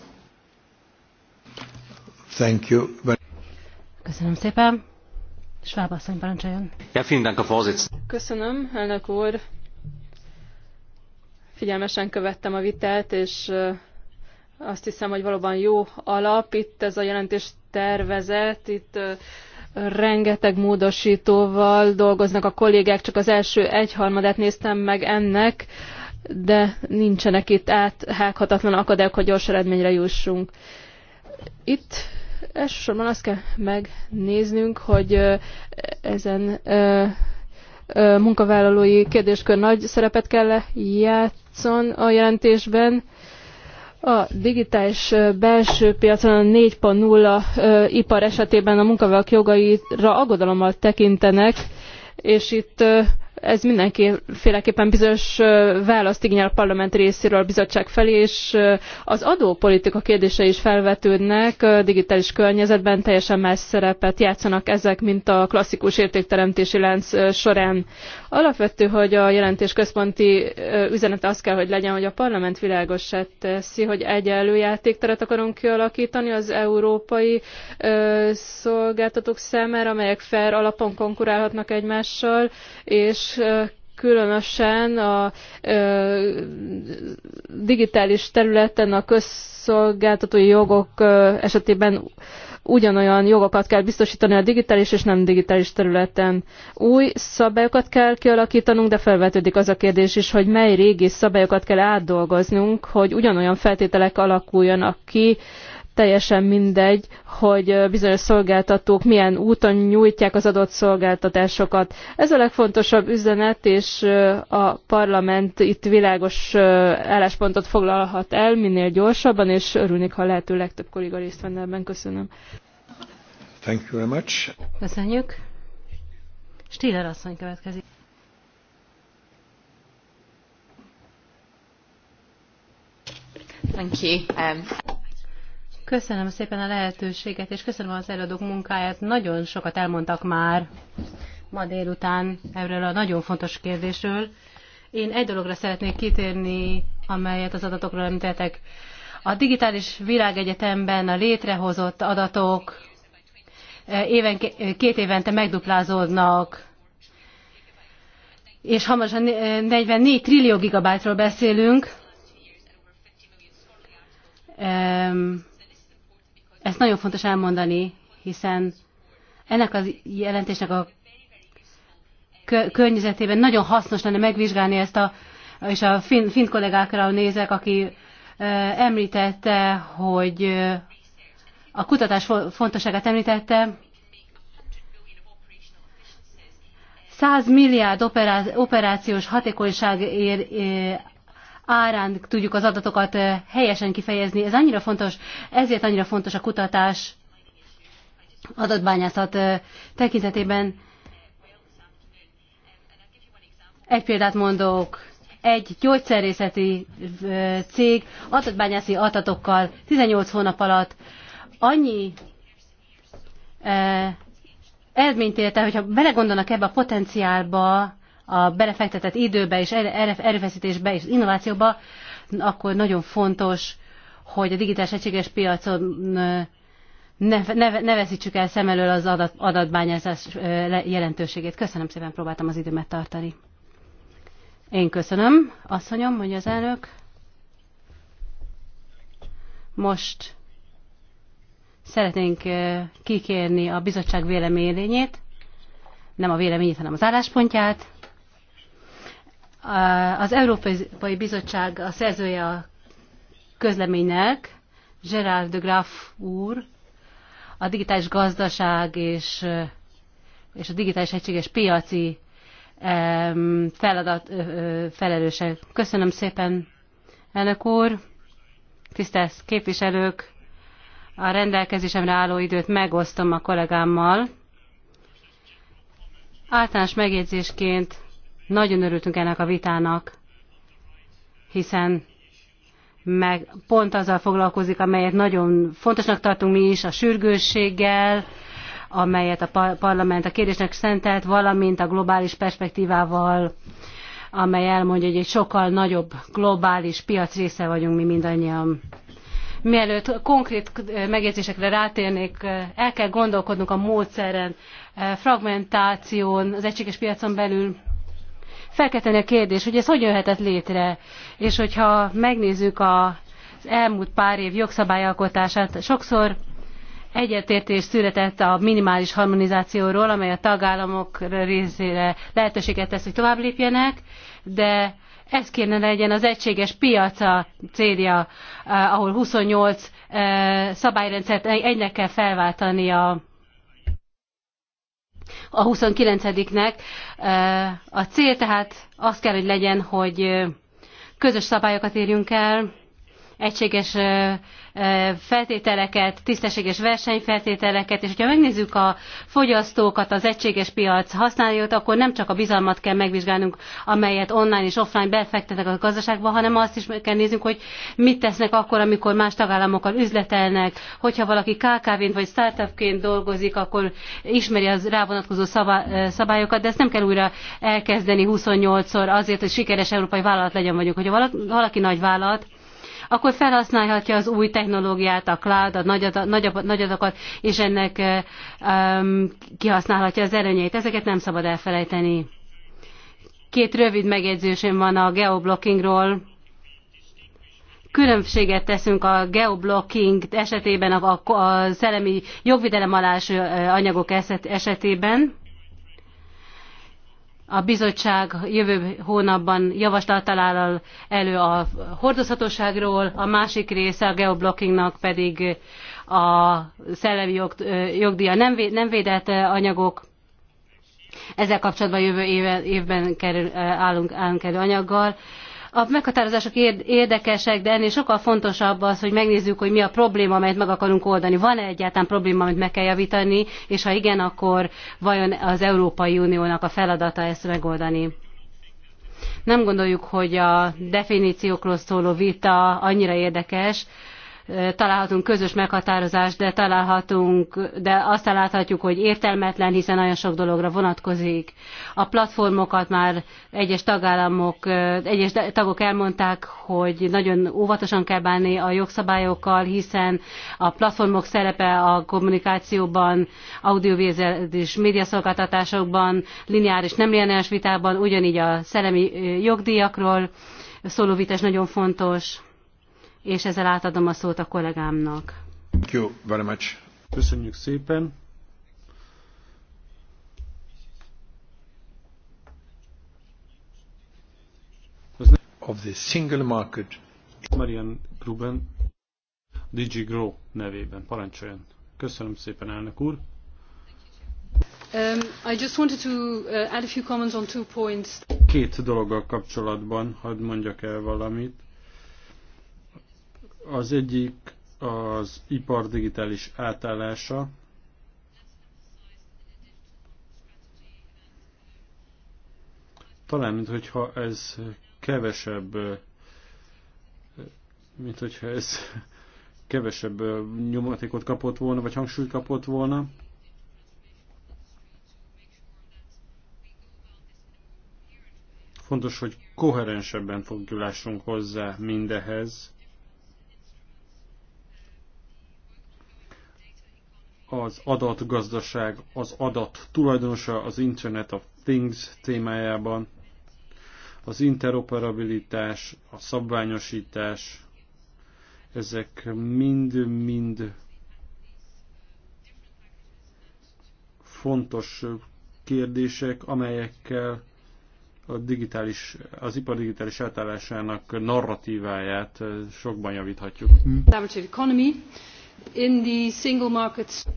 Thank you. Köszönöm szépen. Schwab asszony parancsoljon. Ja, vielen Dank, Herr Köszönöm, elnök úr. Figyelmesen követtem a vitát, és azt hiszem, hogy valóban jó alap. Itt ez a jelentés tervezet, itt rengeteg módosítóval dolgoznak a kollégák, csak az első egyharmadát néztem meg ennek, de nincsenek itt áthághatatlan akadályok, hogy gyors eredményre jussunk. Itt elsősorban azt kell megnéznünk, hogy ezen munkavállalói kérdéskör nagy szerepet kell játszon a jelentésben, a digitális belső piacon a 4.0 ipar esetében a munkavállalók jogaira aggodalommal tekintenek, és itt ez mindenféleképpen bizonyos választ igényel a parlament részéről a bizottság felé, és az adópolitika kérdése is felvetődnek, a digitális környezetben teljesen más szerepet játszanak ezek, mint a klasszikus értékteremtési lánc során. Alapvető, hogy a jelentés központi üzenete az kell, hogy legyen, hogy a parlament világossá teszi, hogy egyenlő játékteret akarunk kialakítani az európai szolgáltatók számára, amelyek fair alapon konkurálhatnak egymással, és különösen a ö, digitális területen a közszolgáltatói jogok ö, esetében ugyanolyan jogokat kell biztosítani a digitális és nem digitális területen. Új szabályokat kell kialakítanunk, de felvetődik az a kérdés is, hogy mely régi szabályokat kell átdolgoznunk, hogy ugyanolyan feltételek alakuljanak ki teljesen mindegy, hogy bizonyos szolgáltatók milyen úton nyújtják az adott szolgáltatásokat. Ez a legfontosabb üzenet, és a parlament itt világos álláspontot foglalhat el minél gyorsabban, és örülnék, ha lehető legtöbb kolléga részt venne ebben. Köszönöm. Thank you very much. Köszönjük. Stiller asszony következik. Thank you. Um... Köszönöm szépen a lehetőséget, és köszönöm az előadók munkáját. Nagyon sokat elmondtak már ma délután erről a nagyon fontos kérdésről. Én egy dologra szeretnék kitérni, amelyet az adatokról említettek. A digitális világegyetemben a létrehozott adatok e, éven, e, két évente megduplázódnak, és hamarosan 44 e, trillió gigabájtról beszélünk. Um, ezt nagyon fontos elmondani, hiszen ennek az jelentésnek a környezetében nagyon hasznos lenne megvizsgálni ezt a, és a finn fin kollégákra nézek, aki említette, hogy a kutatás fontosságát említette, 100 milliárd operációs hatékonyság ér, árán tudjuk az adatokat helyesen kifejezni. Ez annyira fontos, ezért annyira fontos a kutatás adatbányászat tekintetében. Egy példát mondok, egy gyógyszerészeti cég adatbányászi adatokkal 18 hónap alatt annyi eredményt érte, hogyha belegondolnak ebbe a potenciálba, a belefektetett időbe és erőfeszítésbe és innovációba, akkor nagyon fontos, hogy a digitális egységes piacon ne, ne, ne veszítsük el szem elől az adat, adatbányászás jelentőségét. Köszönöm szépen, próbáltam az időmet tartani. Én köszönöm, asszonyom, mondja az elnök. Most szeretnénk kikérni a bizottság véleményét, nem a véleményét, hanem az álláspontját. Az Európai Bizottság a szerzője a közleménynek, Gerard de Graaf úr, a digitális gazdaság és, és a digitális egységes piaci feladat felelőse. Köszönöm szépen, elnök úr, tisztelt képviselők, a rendelkezésemre álló időt megosztom a kollégámmal. Általános megjegyzésként nagyon örültünk ennek a vitának, hiszen meg pont azzal foglalkozik, amelyet nagyon fontosnak tartunk mi is, a sürgősséggel, amelyet a parlament a kérdésnek szentelt, valamint a globális perspektívával, amely elmondja, hogy egy sokkal nagyobb globális piac része vagyunk mi mindannyian. Mielőtt konkrét megjegyzésekre rátérnék, el kell gondolkodnunk a módszeren, eh, fragmentáción, az egységes piacon belül, felketene a kérdés, hogy ez hogy jöhetett létre, és hogyha megnézzük az elmúlt pár év jogszabályalkotását, sokszor egyetértés született a minimális harmonizációról, amely a tagállamok részére lehetőséget tesz, hogy tovább lépjenek, de ez kéne legyen az egységes piaca célja, eh, ahol 28 eh, szabályrendszert egynek kell felváltani a a 29-nek. A cél tehát az kell, hogy legyen, hogy közös szabályokat érjünk el, egységes feltételeket, tisztességes versenyfeltételeket, és hogyha megnézzük a fogyasztókat, az egységes piac használóit, akkor nem csak a bizalmat kell megvizsgálnunk, amelyet online és offline befektetek a gazdaságba, hanem azt is kell néznünk, hogy mit tesznek akkor, amikor más tagállamokkal üzletelnek, hogyha valaki KKV-n vagy startupként dolgozik, akkor ismeri az rá vonatkozó szabályokat, de ezt nem kell újra elkezdeni 28-szor azért, hogy sikeres európai vállalat legyen vagyunk. Hogyha valaki nagy vállalat, akkor felhasználhatja az új technológiát, a cloud, a nagyadatokat, és ennek eh, kihasználhatja az erőnyeit. Ezeket nem szabad elfelejteni. Két rövid megjegyzésem van a geoblockingról. Különbséget teszünk a geoblocking esetében, a, a, a szellemi jogvédelem alás eh, anyagok esetében a bizottság jövő hónapban javaslat áll elő a hordozhatóságról, a másik része a geoblockingnak pedig a szellemi jog, jogdíja nem, nem védett anyagok. Ezzel kapcsolatban jövő éve, évben kerül, állunk, állunk elő anyaggal. A meghatározások érdekesek, de ennél sokkal fontosabb az, hogy megnézzük, hogy mi a probléma, amelyet meg akarunk oldani. Van-e egyáltalán probléma, amit meg kell javítani, és ha igen, akkor vajon az Európai Uniónak a feladata ezt megoldani? Nem gondoljuk, hogy a definíciókról szóló vita annyira érdekes, találhatunk közös meghatározást, de találhatunk, de azt láthatjuk, hogy értelmetlen, hiszen nagyon sok dologra vonatkozik. A platformokat már egyes tagállamok, egyes tagok elmondták, hogy nagyon óvatosan kell bánni a jogszabályokkal, hiszen a platformok szerepe a kommunikációban, audiovizuális médiaszolgáltatásokban, lineáris, nem lineáris vitában, ugyanígy a szellemi jogdíjakról szóló vita is nagyon fontos és ezzel átadom a szót a kollégámnak. Thank you very much. Köszönjük szépen. of the single market. Marian Gruben, DG Grow nevében parancsoljon. Köszönöm szépen, elnök úr. Um, I just wanted to uh, add a few comments on two points. Két dologgal kapcsolatban hadd mondjak el valamit. Az egyik az ipar digitális átállása, talán, mint ez kevesebb, mint hogyha ez kevesebb nyomatékot kapott volna, vagy hangsúlyt kapott volna. Fontos, hogy koherensebben fogjulássunk hozzá mindehez. az adatgazdaság, az adat tulajdonosa az Internet of Things témájában, az interoperabilitás, a szabványosítás, ezek mind-mind fontos kérdések, amelyekkel a digitális, az ipar digitális átállásának narratíváját sokban javíthatjuk.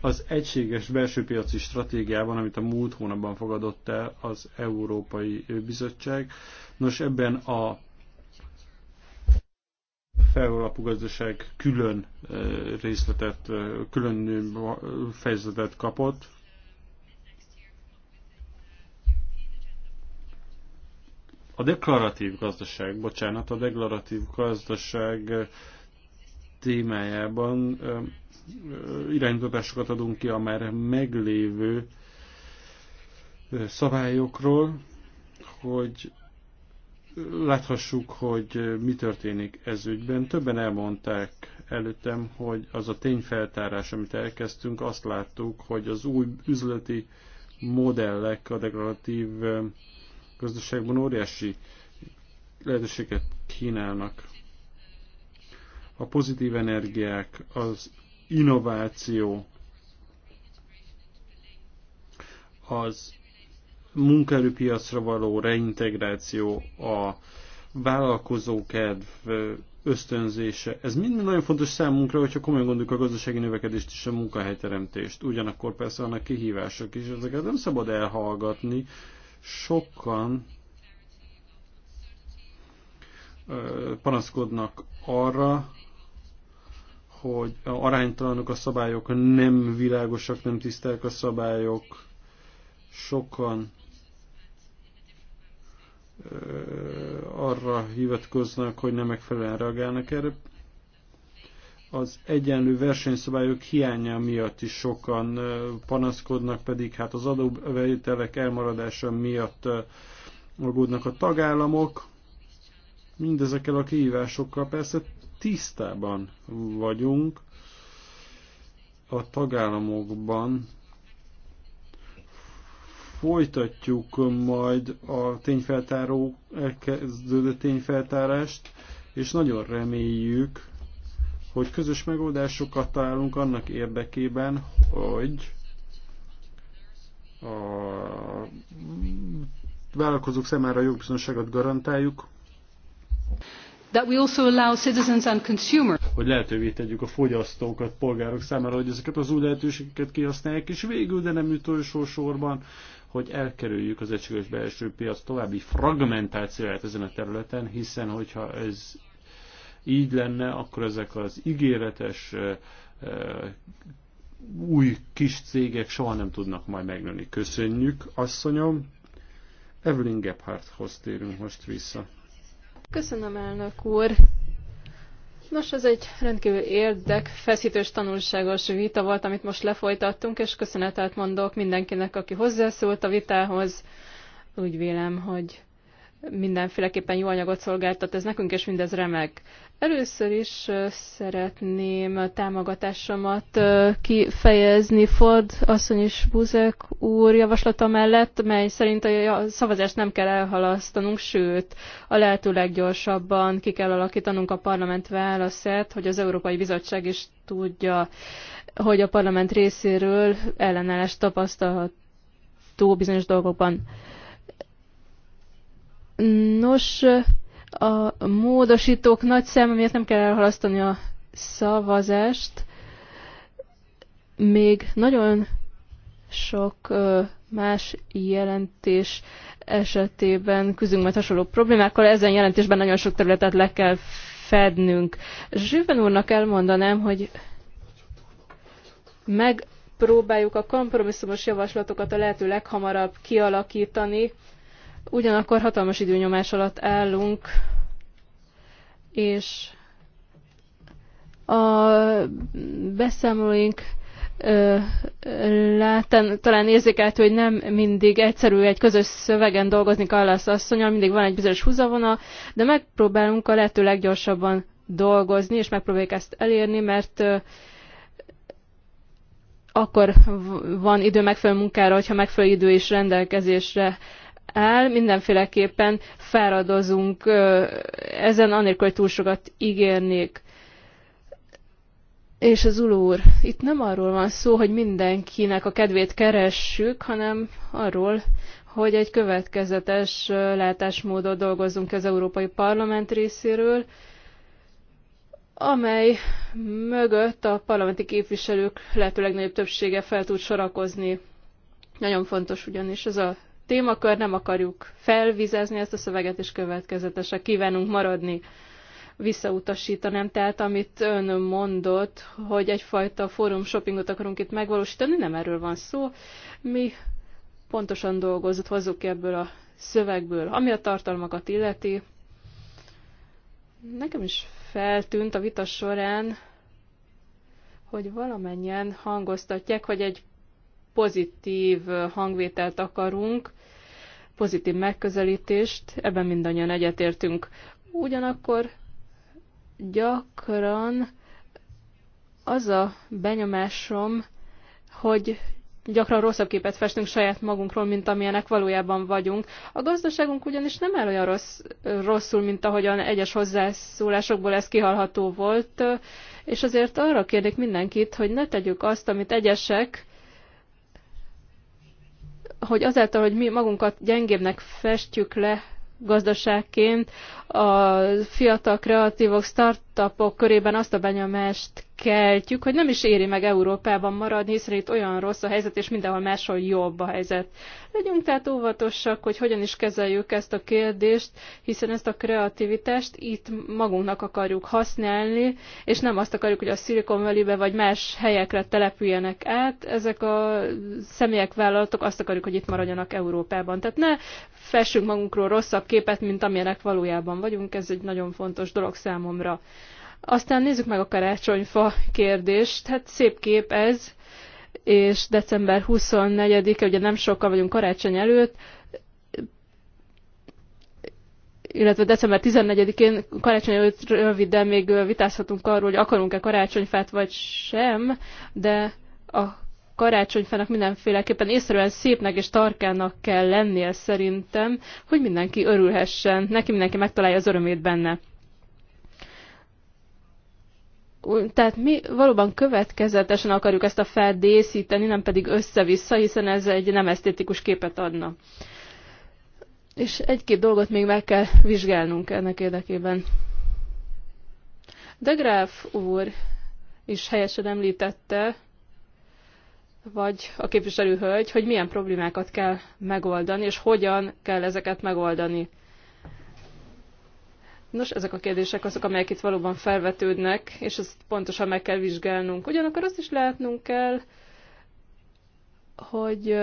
Az egységes belső piaci stratégiában, amit a múlt hónapban fogadott el az Európai Bizottság, nos ebben a felalapú gazdaság külön részletet, külön fejezetet kapott, A deklaratív gazdaság, bocsánat, a deklaratív gazdaság témájában iránymutatásokat adunk ki a már meglévő szabályokról, hogy láthassuk, hogy mi történik ez ügyben. Többen elmondták előttem, hogy az a tényfeltárás, amit elkezdtünk, azt láttuk, hogy az új üzleti modellek a deklaratív gazdaságban óriási lehetőséget kínálnak a pozitív energiák, az innováció, az munkaerőpiacra való reintegráció, a vállalkozókedv ösztönzése. Ez mind nagyon fontos számunkra, hogyha komolyan gondoljuk a gazdasági növekedést és a munkahelyteremtést. Ugyanakkor persze vannak kihívások is, ezeket nem szabad elhallgatni. Sokan panaszkodnak arra, hogy aránytalanok a szabályok, nem világosak, nem tiszták a szabályok, sokan arra hivatkoznak, hogy nem megfelelően reagálnak erre. Az egyenlő versenyszabályok hiánya miatt is sokan panaszkodnak, pedig hát az adóbevételek elmaradása miatt aggódnak a tagállamok. Mindezekkel a kihívásokkal persze tisztában vagyunk a tagállamokban folytatjuk majd a tényfeltáró elkezdődő tényfeltárást, és nagyon reméljük, hogy közös megoldásokat találunk annak érdekében, hogy a vállalkozók számára jogbiztonságot garantáljuk that we also allow citizens and consumers. Hogy lehetővé tegyük a fogyasztókat, polgárok számára, hogy ezeket az új lehetőségeket kihasználják, és végül, de nem utolsó sorban, hogy elkerüljük az egységes belső piac további fragmentációját ezen a területen, hiszen hogyha ez így lenne, akkor ezek az ígéretes új kis cégek soha nem tudnak majd megnőni. Köszönjük, asszonyom! Evelyn Gephardthoz térünk most vissza. Köszönöm, elnök úr. Nos, ez egy rendkívül érdek, feszítős, tanulságos vita volt, amit most lefolytattunk, és köszönetet mondok mindenkinek, aki hozzászólt a vitához. Úgy vélem, hogy mindenféleképpen jó anyagot szolgáltat ez nekünk, és mindez remek. Először is szeretném támogatásomat kifejezni Ford asszony és Buzek úr javaslata mellett, mely szerint a szavazást nem kell elhalasztanunk, sőt, a lehető leggyorsabban ki kell alakítanunk a parlament válaszát, hogy az Európai Bizottság is tudja, hogy a parlament részéről ellenállást tapasztalható bizonyos dolgokban. Nos, a módosítók nagy száma miért nem kell elhalasztani a szavazást. Még nagyon sok más jelentés esetében küzdünk majd hasonló problémákkal. Ezen jelentésben nagyon sok területet le kell fednünk. Zsűven úrnak elmondanám, hogy megpróbáljuk a kompromisszumos javaslatokat a lehető leghamarabb kialakítani, Ugyanakkor hatalmas időnyomás alatt állunk, és a beszámolóink látan, talán érzékelt, hogy nem mindig egyszerű egy közös szövegen dolgozni Kallasz asszonyal, mindig van egy bizonyos húzavona, de megpróbálunk a lehető leggyorsabban dolgozni, és megpróbáljuk ezt elérni, mert akkor van idő megfelelő munkára, hogyha megfelelő idő is rendelkezésre áll, mindenféleképpen fáradozunk ezen, anélkül, hogy túl sokat ígérnék. És az úr, itt nem arról van szó, hogy mindenkinek a kedvét keressük, hanem arról, hogy egy következetes látásmódot dolgozzunk az Európai Parlament részéről, amely mögött a parlamenti képviselők lehető legnagyobb többsége fel tud sorakozni. Nagyon fontos ugyanis ez a témakör, nem akarjuk felvizezni ezt a szöveget, és következetesen kívánunk maradni. Visszautasítanám, tehát amit ön mondott, hogy egyfajta fórum shoppingot akarunk itt megvalósítani, nem erről van szó. Mi pontosan dolgozott, hozzuk ki ebből a szövegből. Ami a tartalmakat illeti, nekem is feltűnt a vita során, hogy valamennyien hangoztatják, hogy egy pozitív hangvételt akarunk, pozitív megközelítést, ebben mindannyian egyetértünk. Ugyanakkor gyakran az a benyomásom, hogy gyakran rosszabb képet festünk saját magunkról, mint amilyenek valójában vagyunk. A gazdaságunk ugyanis nem áll olyan rossz, rosszul, mint ahogyan egyes hozzászólásokból ez kihalható volt, és azért arra kérnék mindenkit, hogy ne tegyük azt, amit egyesek, hogy azáltal, hogy mi magunkat gyengébbnek festjük le gazdaságként, a fiatal kreatívok, start startupok körében azt a benyomást keltjük, hogy nem is éri meg Európában maradni, hiszen itt olyan rossz a helyzet, és mindenhol máshol jobb a helyzet. Legyünk tehát óvatosak, hogy hogyan is kezeljük ezt a kérdést, hiszen ezt a kreativitást itt magunknak akarjuk használni, és nem azt akarjuk, hogy a Silicon valley vagy más helyekre települjenek át. Ezek a személyek, vállalatok azt akarjuk, hogy itt maradjanak Európában. Tehát ne fessünk magunkról rosszabb képet, mint amilyenek valójában vagyunk. Ez egy nagyon fontos dolog számomra. Aztán nézzük meg a karácsonyfa kérdést. Hát szép kép ez, és december 24-e, ugye nem sokkal vagyunk karácsony előtt, illetve december 14-én karácsony előtt röviden még vitázhatunk arról, hogy akarunk-e karácsonyfát vagy sem, de a karácsonyfának mindenféleképpen észrevően szépnek és tarkának kell lennie szerintem, hogy mindenki örülhessen, neki mindenki megtalálja az örömét benne tehát mi valóban következetesen akarjuk ezt a feldészíteni, nem pedig össze-vissza, hiszen ez egy nem esztétikus képet adna. És egy-két dolgot még meg kell vizsgálnunk ennek érdekében. De Graf úr is helyesen említette, vagy a képviselőhölgy, hogy milyen problémákat kell megoldani, és hogyan kell ezeket megoldani. Nos, ezek a kérdések azok, amelyek itt valóban felvetődnek, és ezt pontosan meg kell vizsgálnunk. Ugyanakkor azt is látnunk kell, hogy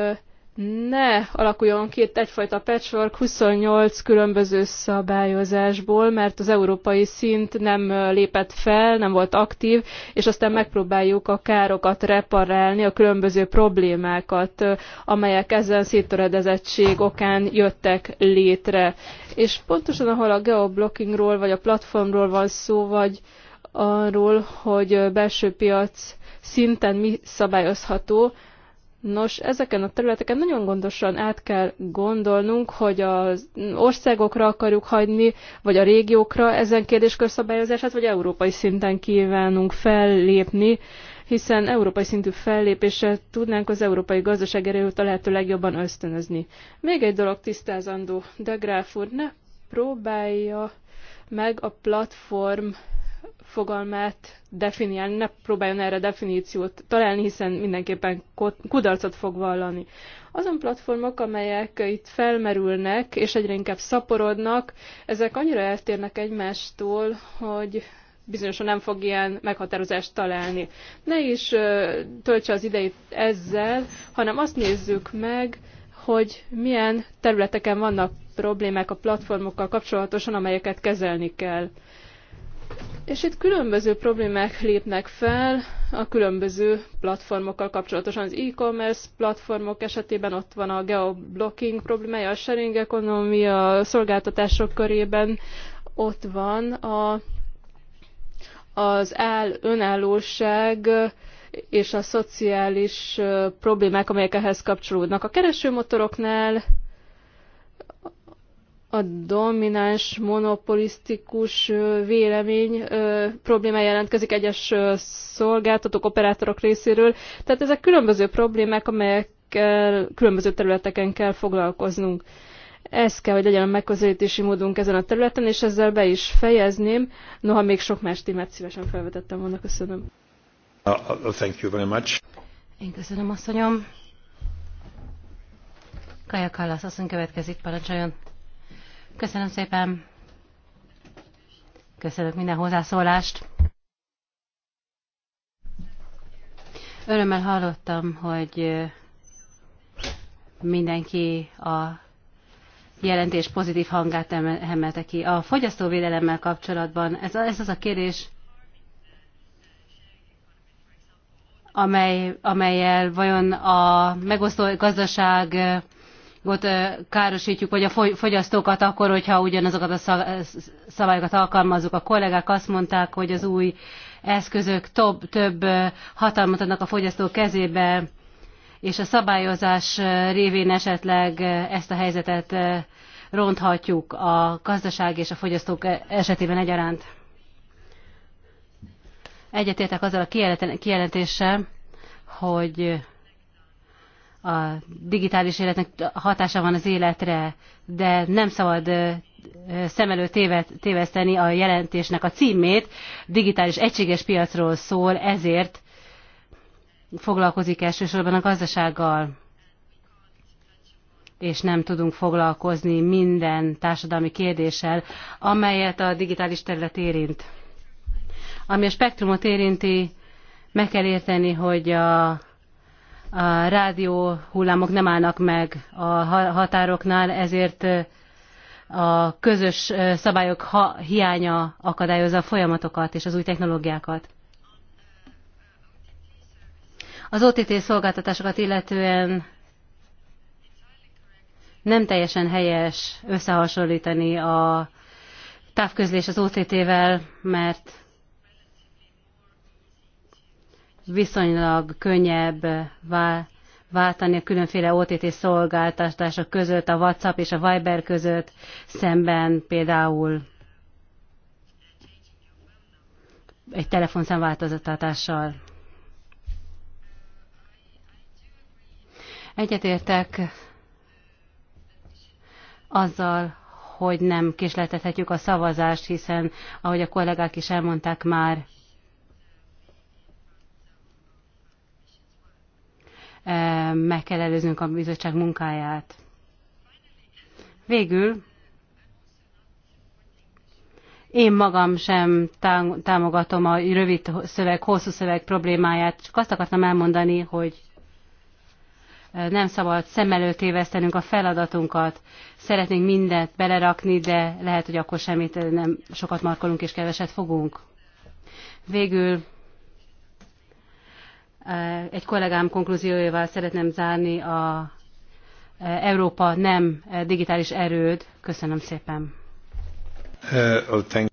ne alakuljon ki itt egyfajta patchwork 28 különböző szabályozásból, mert az európai szint nem lépett fel, nem volt aktív, és aztán megpróbáljuk a károkat reparálni, a különböző problémákat, amelyek ezen széttöredezettség okán jöttek létre. És pontosan ahol a geoblockingról vagy a platformról van szó, vagy arról, hogy belső piac szinten mi szabályozható, Nos, ezeken a területeken nagyon gondosan át kell gondolnunk, hogy az országokra akarjuk hagyni, vagy a régiókra ezen kérdéskör szabályozását, vagy európai szinten kívánunk fellépni, hiszen európai szintű fellépéssel tudnánk az európai gazdaság erőt a lehető legjobban ösztönözni. Még egy dolog tisztázandó, de Gráf úr, ne próbálja meg a platform fogalmát definiálni, ne próbáljon erre definíciót találni, hiszen mindenképpen kudarcot fog vallani. Azon platformok, amelyek itt felmerülnek és egyre inkább szaporodnak, ezek annyira eltérnek egymástól, hogy bizonyosan nem fog ilyen meghatározást találni. Ne is töltse az idejét ezzel, hanem azt nézzük meg, hogy milyen területeken vannak problémák a platformokkal kapcsolatosan, amelyeket kezelni kell. És itt különböző problémák lépnek fel a különböző platformokkal kapcsolatosan. Az e-commerce platformok esetében ott van a geoblocking problémája, a sharing economy, a szolgáltatások körében ott van a, az áll önállóság és a szociális problémák, amelyek ehhez kapcsolódnak. A keresőmotoroknál a domináns, monopolisztikus vélemény problémája jelentkezik egyes szolgáltatók, operátorok részéről. Tehát ezek különböző problémák, amelyekkel különböző területeken kell foglalkoznunk. Ez kell, hogy legyen a megközelítési módunk ezen a területen, és ezzel be is fejezném. Noha még sok más témát szívesen felvetettem volna. Köszönöm. Uh, uh, thank you very much. Én köszönöm, asszonyom. Kaja Kallász, asszony következik, parancsoljon. Köszönöm szépen. Köszönöm minden hozzászólást. Örömmel hallottam, hogy mindenki a jelentés pozitív hangát emelte ki. A fogyasztóvédelemmel kapcsolatban ez, ez az a kérdés, amely, amelyel vajon a megosztó gazdaság károsítjuk, vagy a fogyasztókat akkor, hogyha ugyanazokat a szabályokat alkalmazzuk. A kollégák azt mondták, hogy az új eszközök több, több hatalmat adnak a fogyasztó kezébe, és a szabályozás révén esetleg ezt a helyzetet ronthatjuk a gazdaság és a fogyasztók esetében egyaránt. Egyetértek azzal a kijelentéssel, hogy a digitális életnek hatása van az életre, de nem szabad szem előtt téveszteni a jelentésnek a címét, digitális egységes piacról szól, ezért foglalkozik elsősorban a gazdasággal, és nem tudunk foglalkozni minden társadalmi kérdéssel, amelyet a digitális terület érint. Ami a spektrumot érinti, meg kell érteni, hogy a a rádió hullámok nem állnak meg a határoknál, ezért a közös szabályok hiánya akadályozza a folyamatokat és az új technológiákat. Az OTT szolgáltatásokat illetően nem teljesen helyes összehasonlítani a távközlés az OTT-vel, mert viszonylag könnyebb váltani a különféle OTT szolgáltatások között, a WhatsApp és a Viber között, szemben például egy telefonszám Egyetértek azzal, hogy nem késletethetjük a szavazást, hiszen ahogy a kollégák is elmondták már, E, meg kell előznünk a bizottság munkáját. Végül én magam sem támogatom a rövid szöveg, hosszú szöveg problémáját, csak azt akartam elmondani, hogy nem szabad szem előtt tévesztenünk a feladatunkat. Szeretnénk mindent belerakni, de lehet, hogy akkor semmit nem sokat markolunk és keveset fogunk. Végül egy kollégám konklúziójával szeretném zárni a e, Európa nem e, digitális erőd. Köszönöm szépen. E,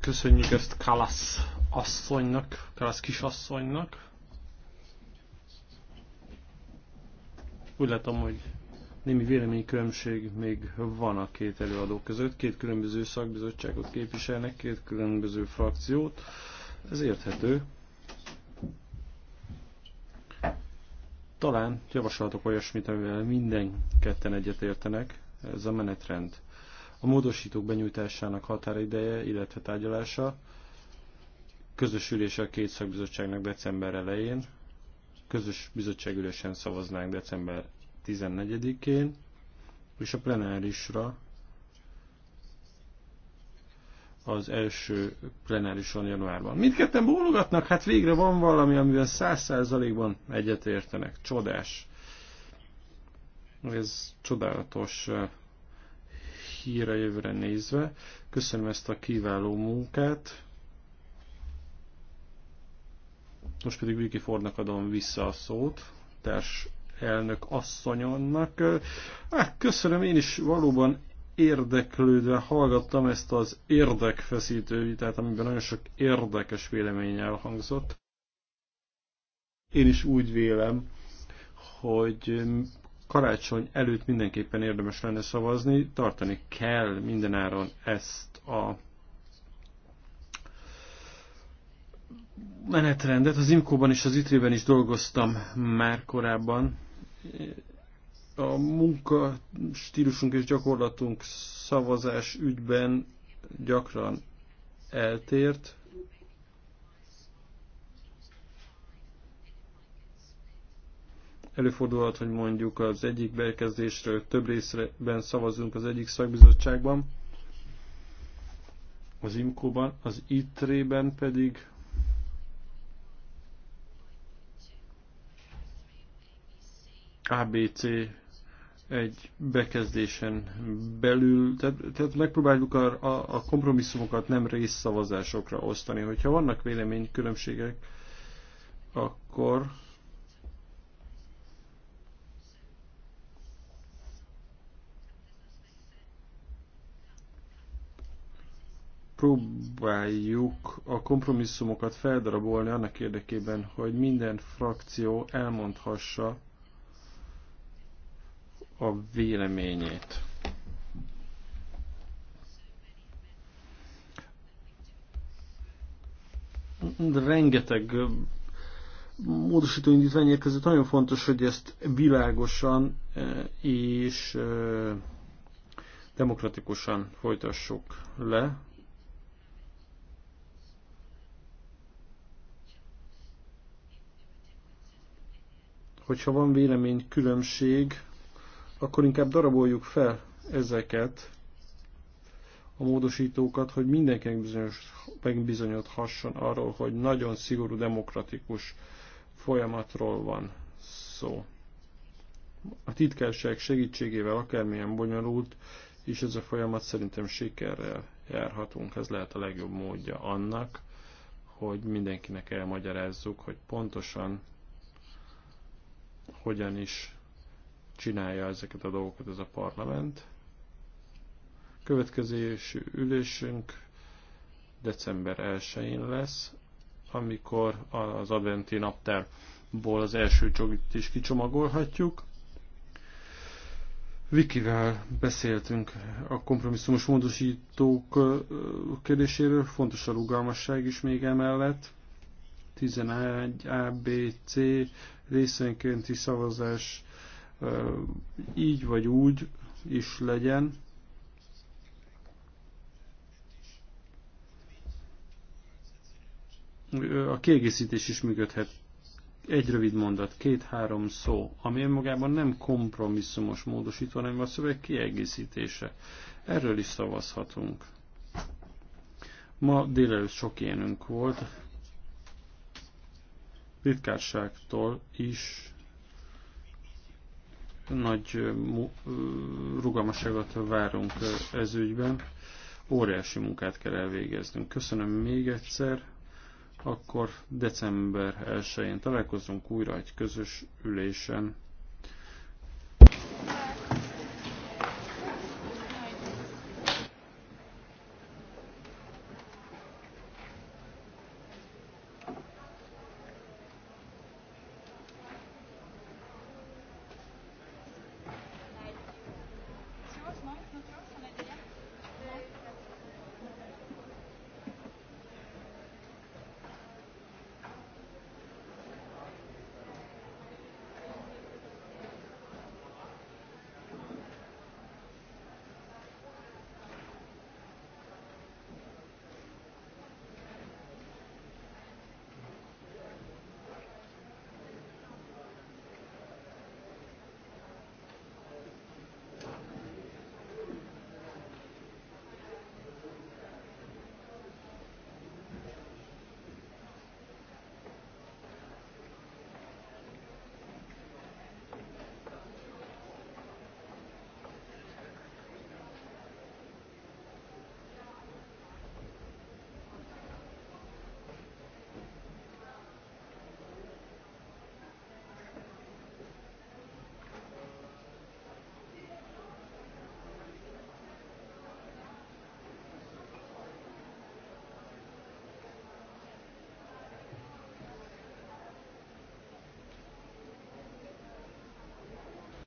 Köszönjük ezt Kalasz asszonynak, Kalasz kisasszonynak. Úgy látom, hogy némi véleménykülönbség még van a két előadó között. Két különböző szakbizottságot képviselnek, két különböző frakciót. Ez érthető. Talán javaslatok olyasmit, amivel minden ketten egyetértenek, ez a menetrend. A módosítók benyújtásának határideje, illetve tárgyalása, közös ülése a két szakbizottságnak december elején, közös bizottságülésen szavaznánk december 14-én, és a plenárisra az első plenárison januárban. Mindketten bólogatnak, hát végre van valami, amiben száz százalékban egyetértenek. Csodás. Ez csodálatos eh, hír a jövőre nézve. Köszönöm ezt a kiváló munkát. Most pedig Vicky Fordnak adom vissza a szót, társ elnök asszonyonnak. Eh, hát köszönöm, én is valóban érdeklődve hallgattam ezt az érdekfeszítő vitát, amiben nagyon sok érdekes vélemény elhangzott. Én is úgy vélem, hogy karácsony előtt mindenképpen érdemes lenne szavazni, tartani kell mindenáron ezt a menetrendet. Az Imkóban és az Itrében is dolgoztam már korábban, a munka stílusunk és gyakorlatunk szavazás ügyben gyakran eltért. Előfordulhat, hogy mondjuk az egyik bekezdésről több részben szavazunk az egyik szakbizottságban, az IMKO-ban, az ITRE-ben pedig ABC egy bekezdésen belül, tehát, tehát megpróbáljuk a, a, a kompromisszumokat nem részszavazásokra osztani. Hogyha vannak véleménykülönbségek, akkor próbáljuk a kompromisszumokat feldarabolni annak érdekében, hogy minden frakció elmondhassa, a véleményét. Rengeteg módosító indítvány érkezett, nagyon fontos, hogy ezt világosan és demokratikusan folytassuk le. Hogyha van vélemény különbség akkor inkább daraboljuk fel ezeket a módosítókat, hogy mindenkinek bizonyos, megbizonyodhasson arról, hogy nagyon szigorú demokratikus folyamatról van szó. A titkárság segítségével akármilyen bonyolult, és ez a folyamat szerintem sikerrel járhatunk. Ez lehet a legjobb módja annak, hogy mindenkinek elmagyarázzuk, hogy pontosan hogyan is csinálja ezeket a dolgokat ez a parlament. Következő ülésünk december 1-én lesz, amikor az adventi naptárból az első csogit is kicsomagolhatjuk. Vikivel beszéltünk a kompromisszumos módosítók kérdéséről, fontos a rugalmasság is még emellett. 11 ABC részenkénti szavazás így vagy úgy is legyen. A kiegészítés is működhet. Egy rövid mondat, két-három szó, ami magában nem kompromisszumos módosítva, hanem a szöveg kiegészítése. Erről is szavazhatunk. Ma délelőtt sok ilyenünk volt. Ritkárságtól is nagy rugalmasságot várunk ez ügyben. Óriási munkát kell elvégeznünk. Köszönöm még egyszer. Akkor december 1-én találkozunk újra egy közös ülésen.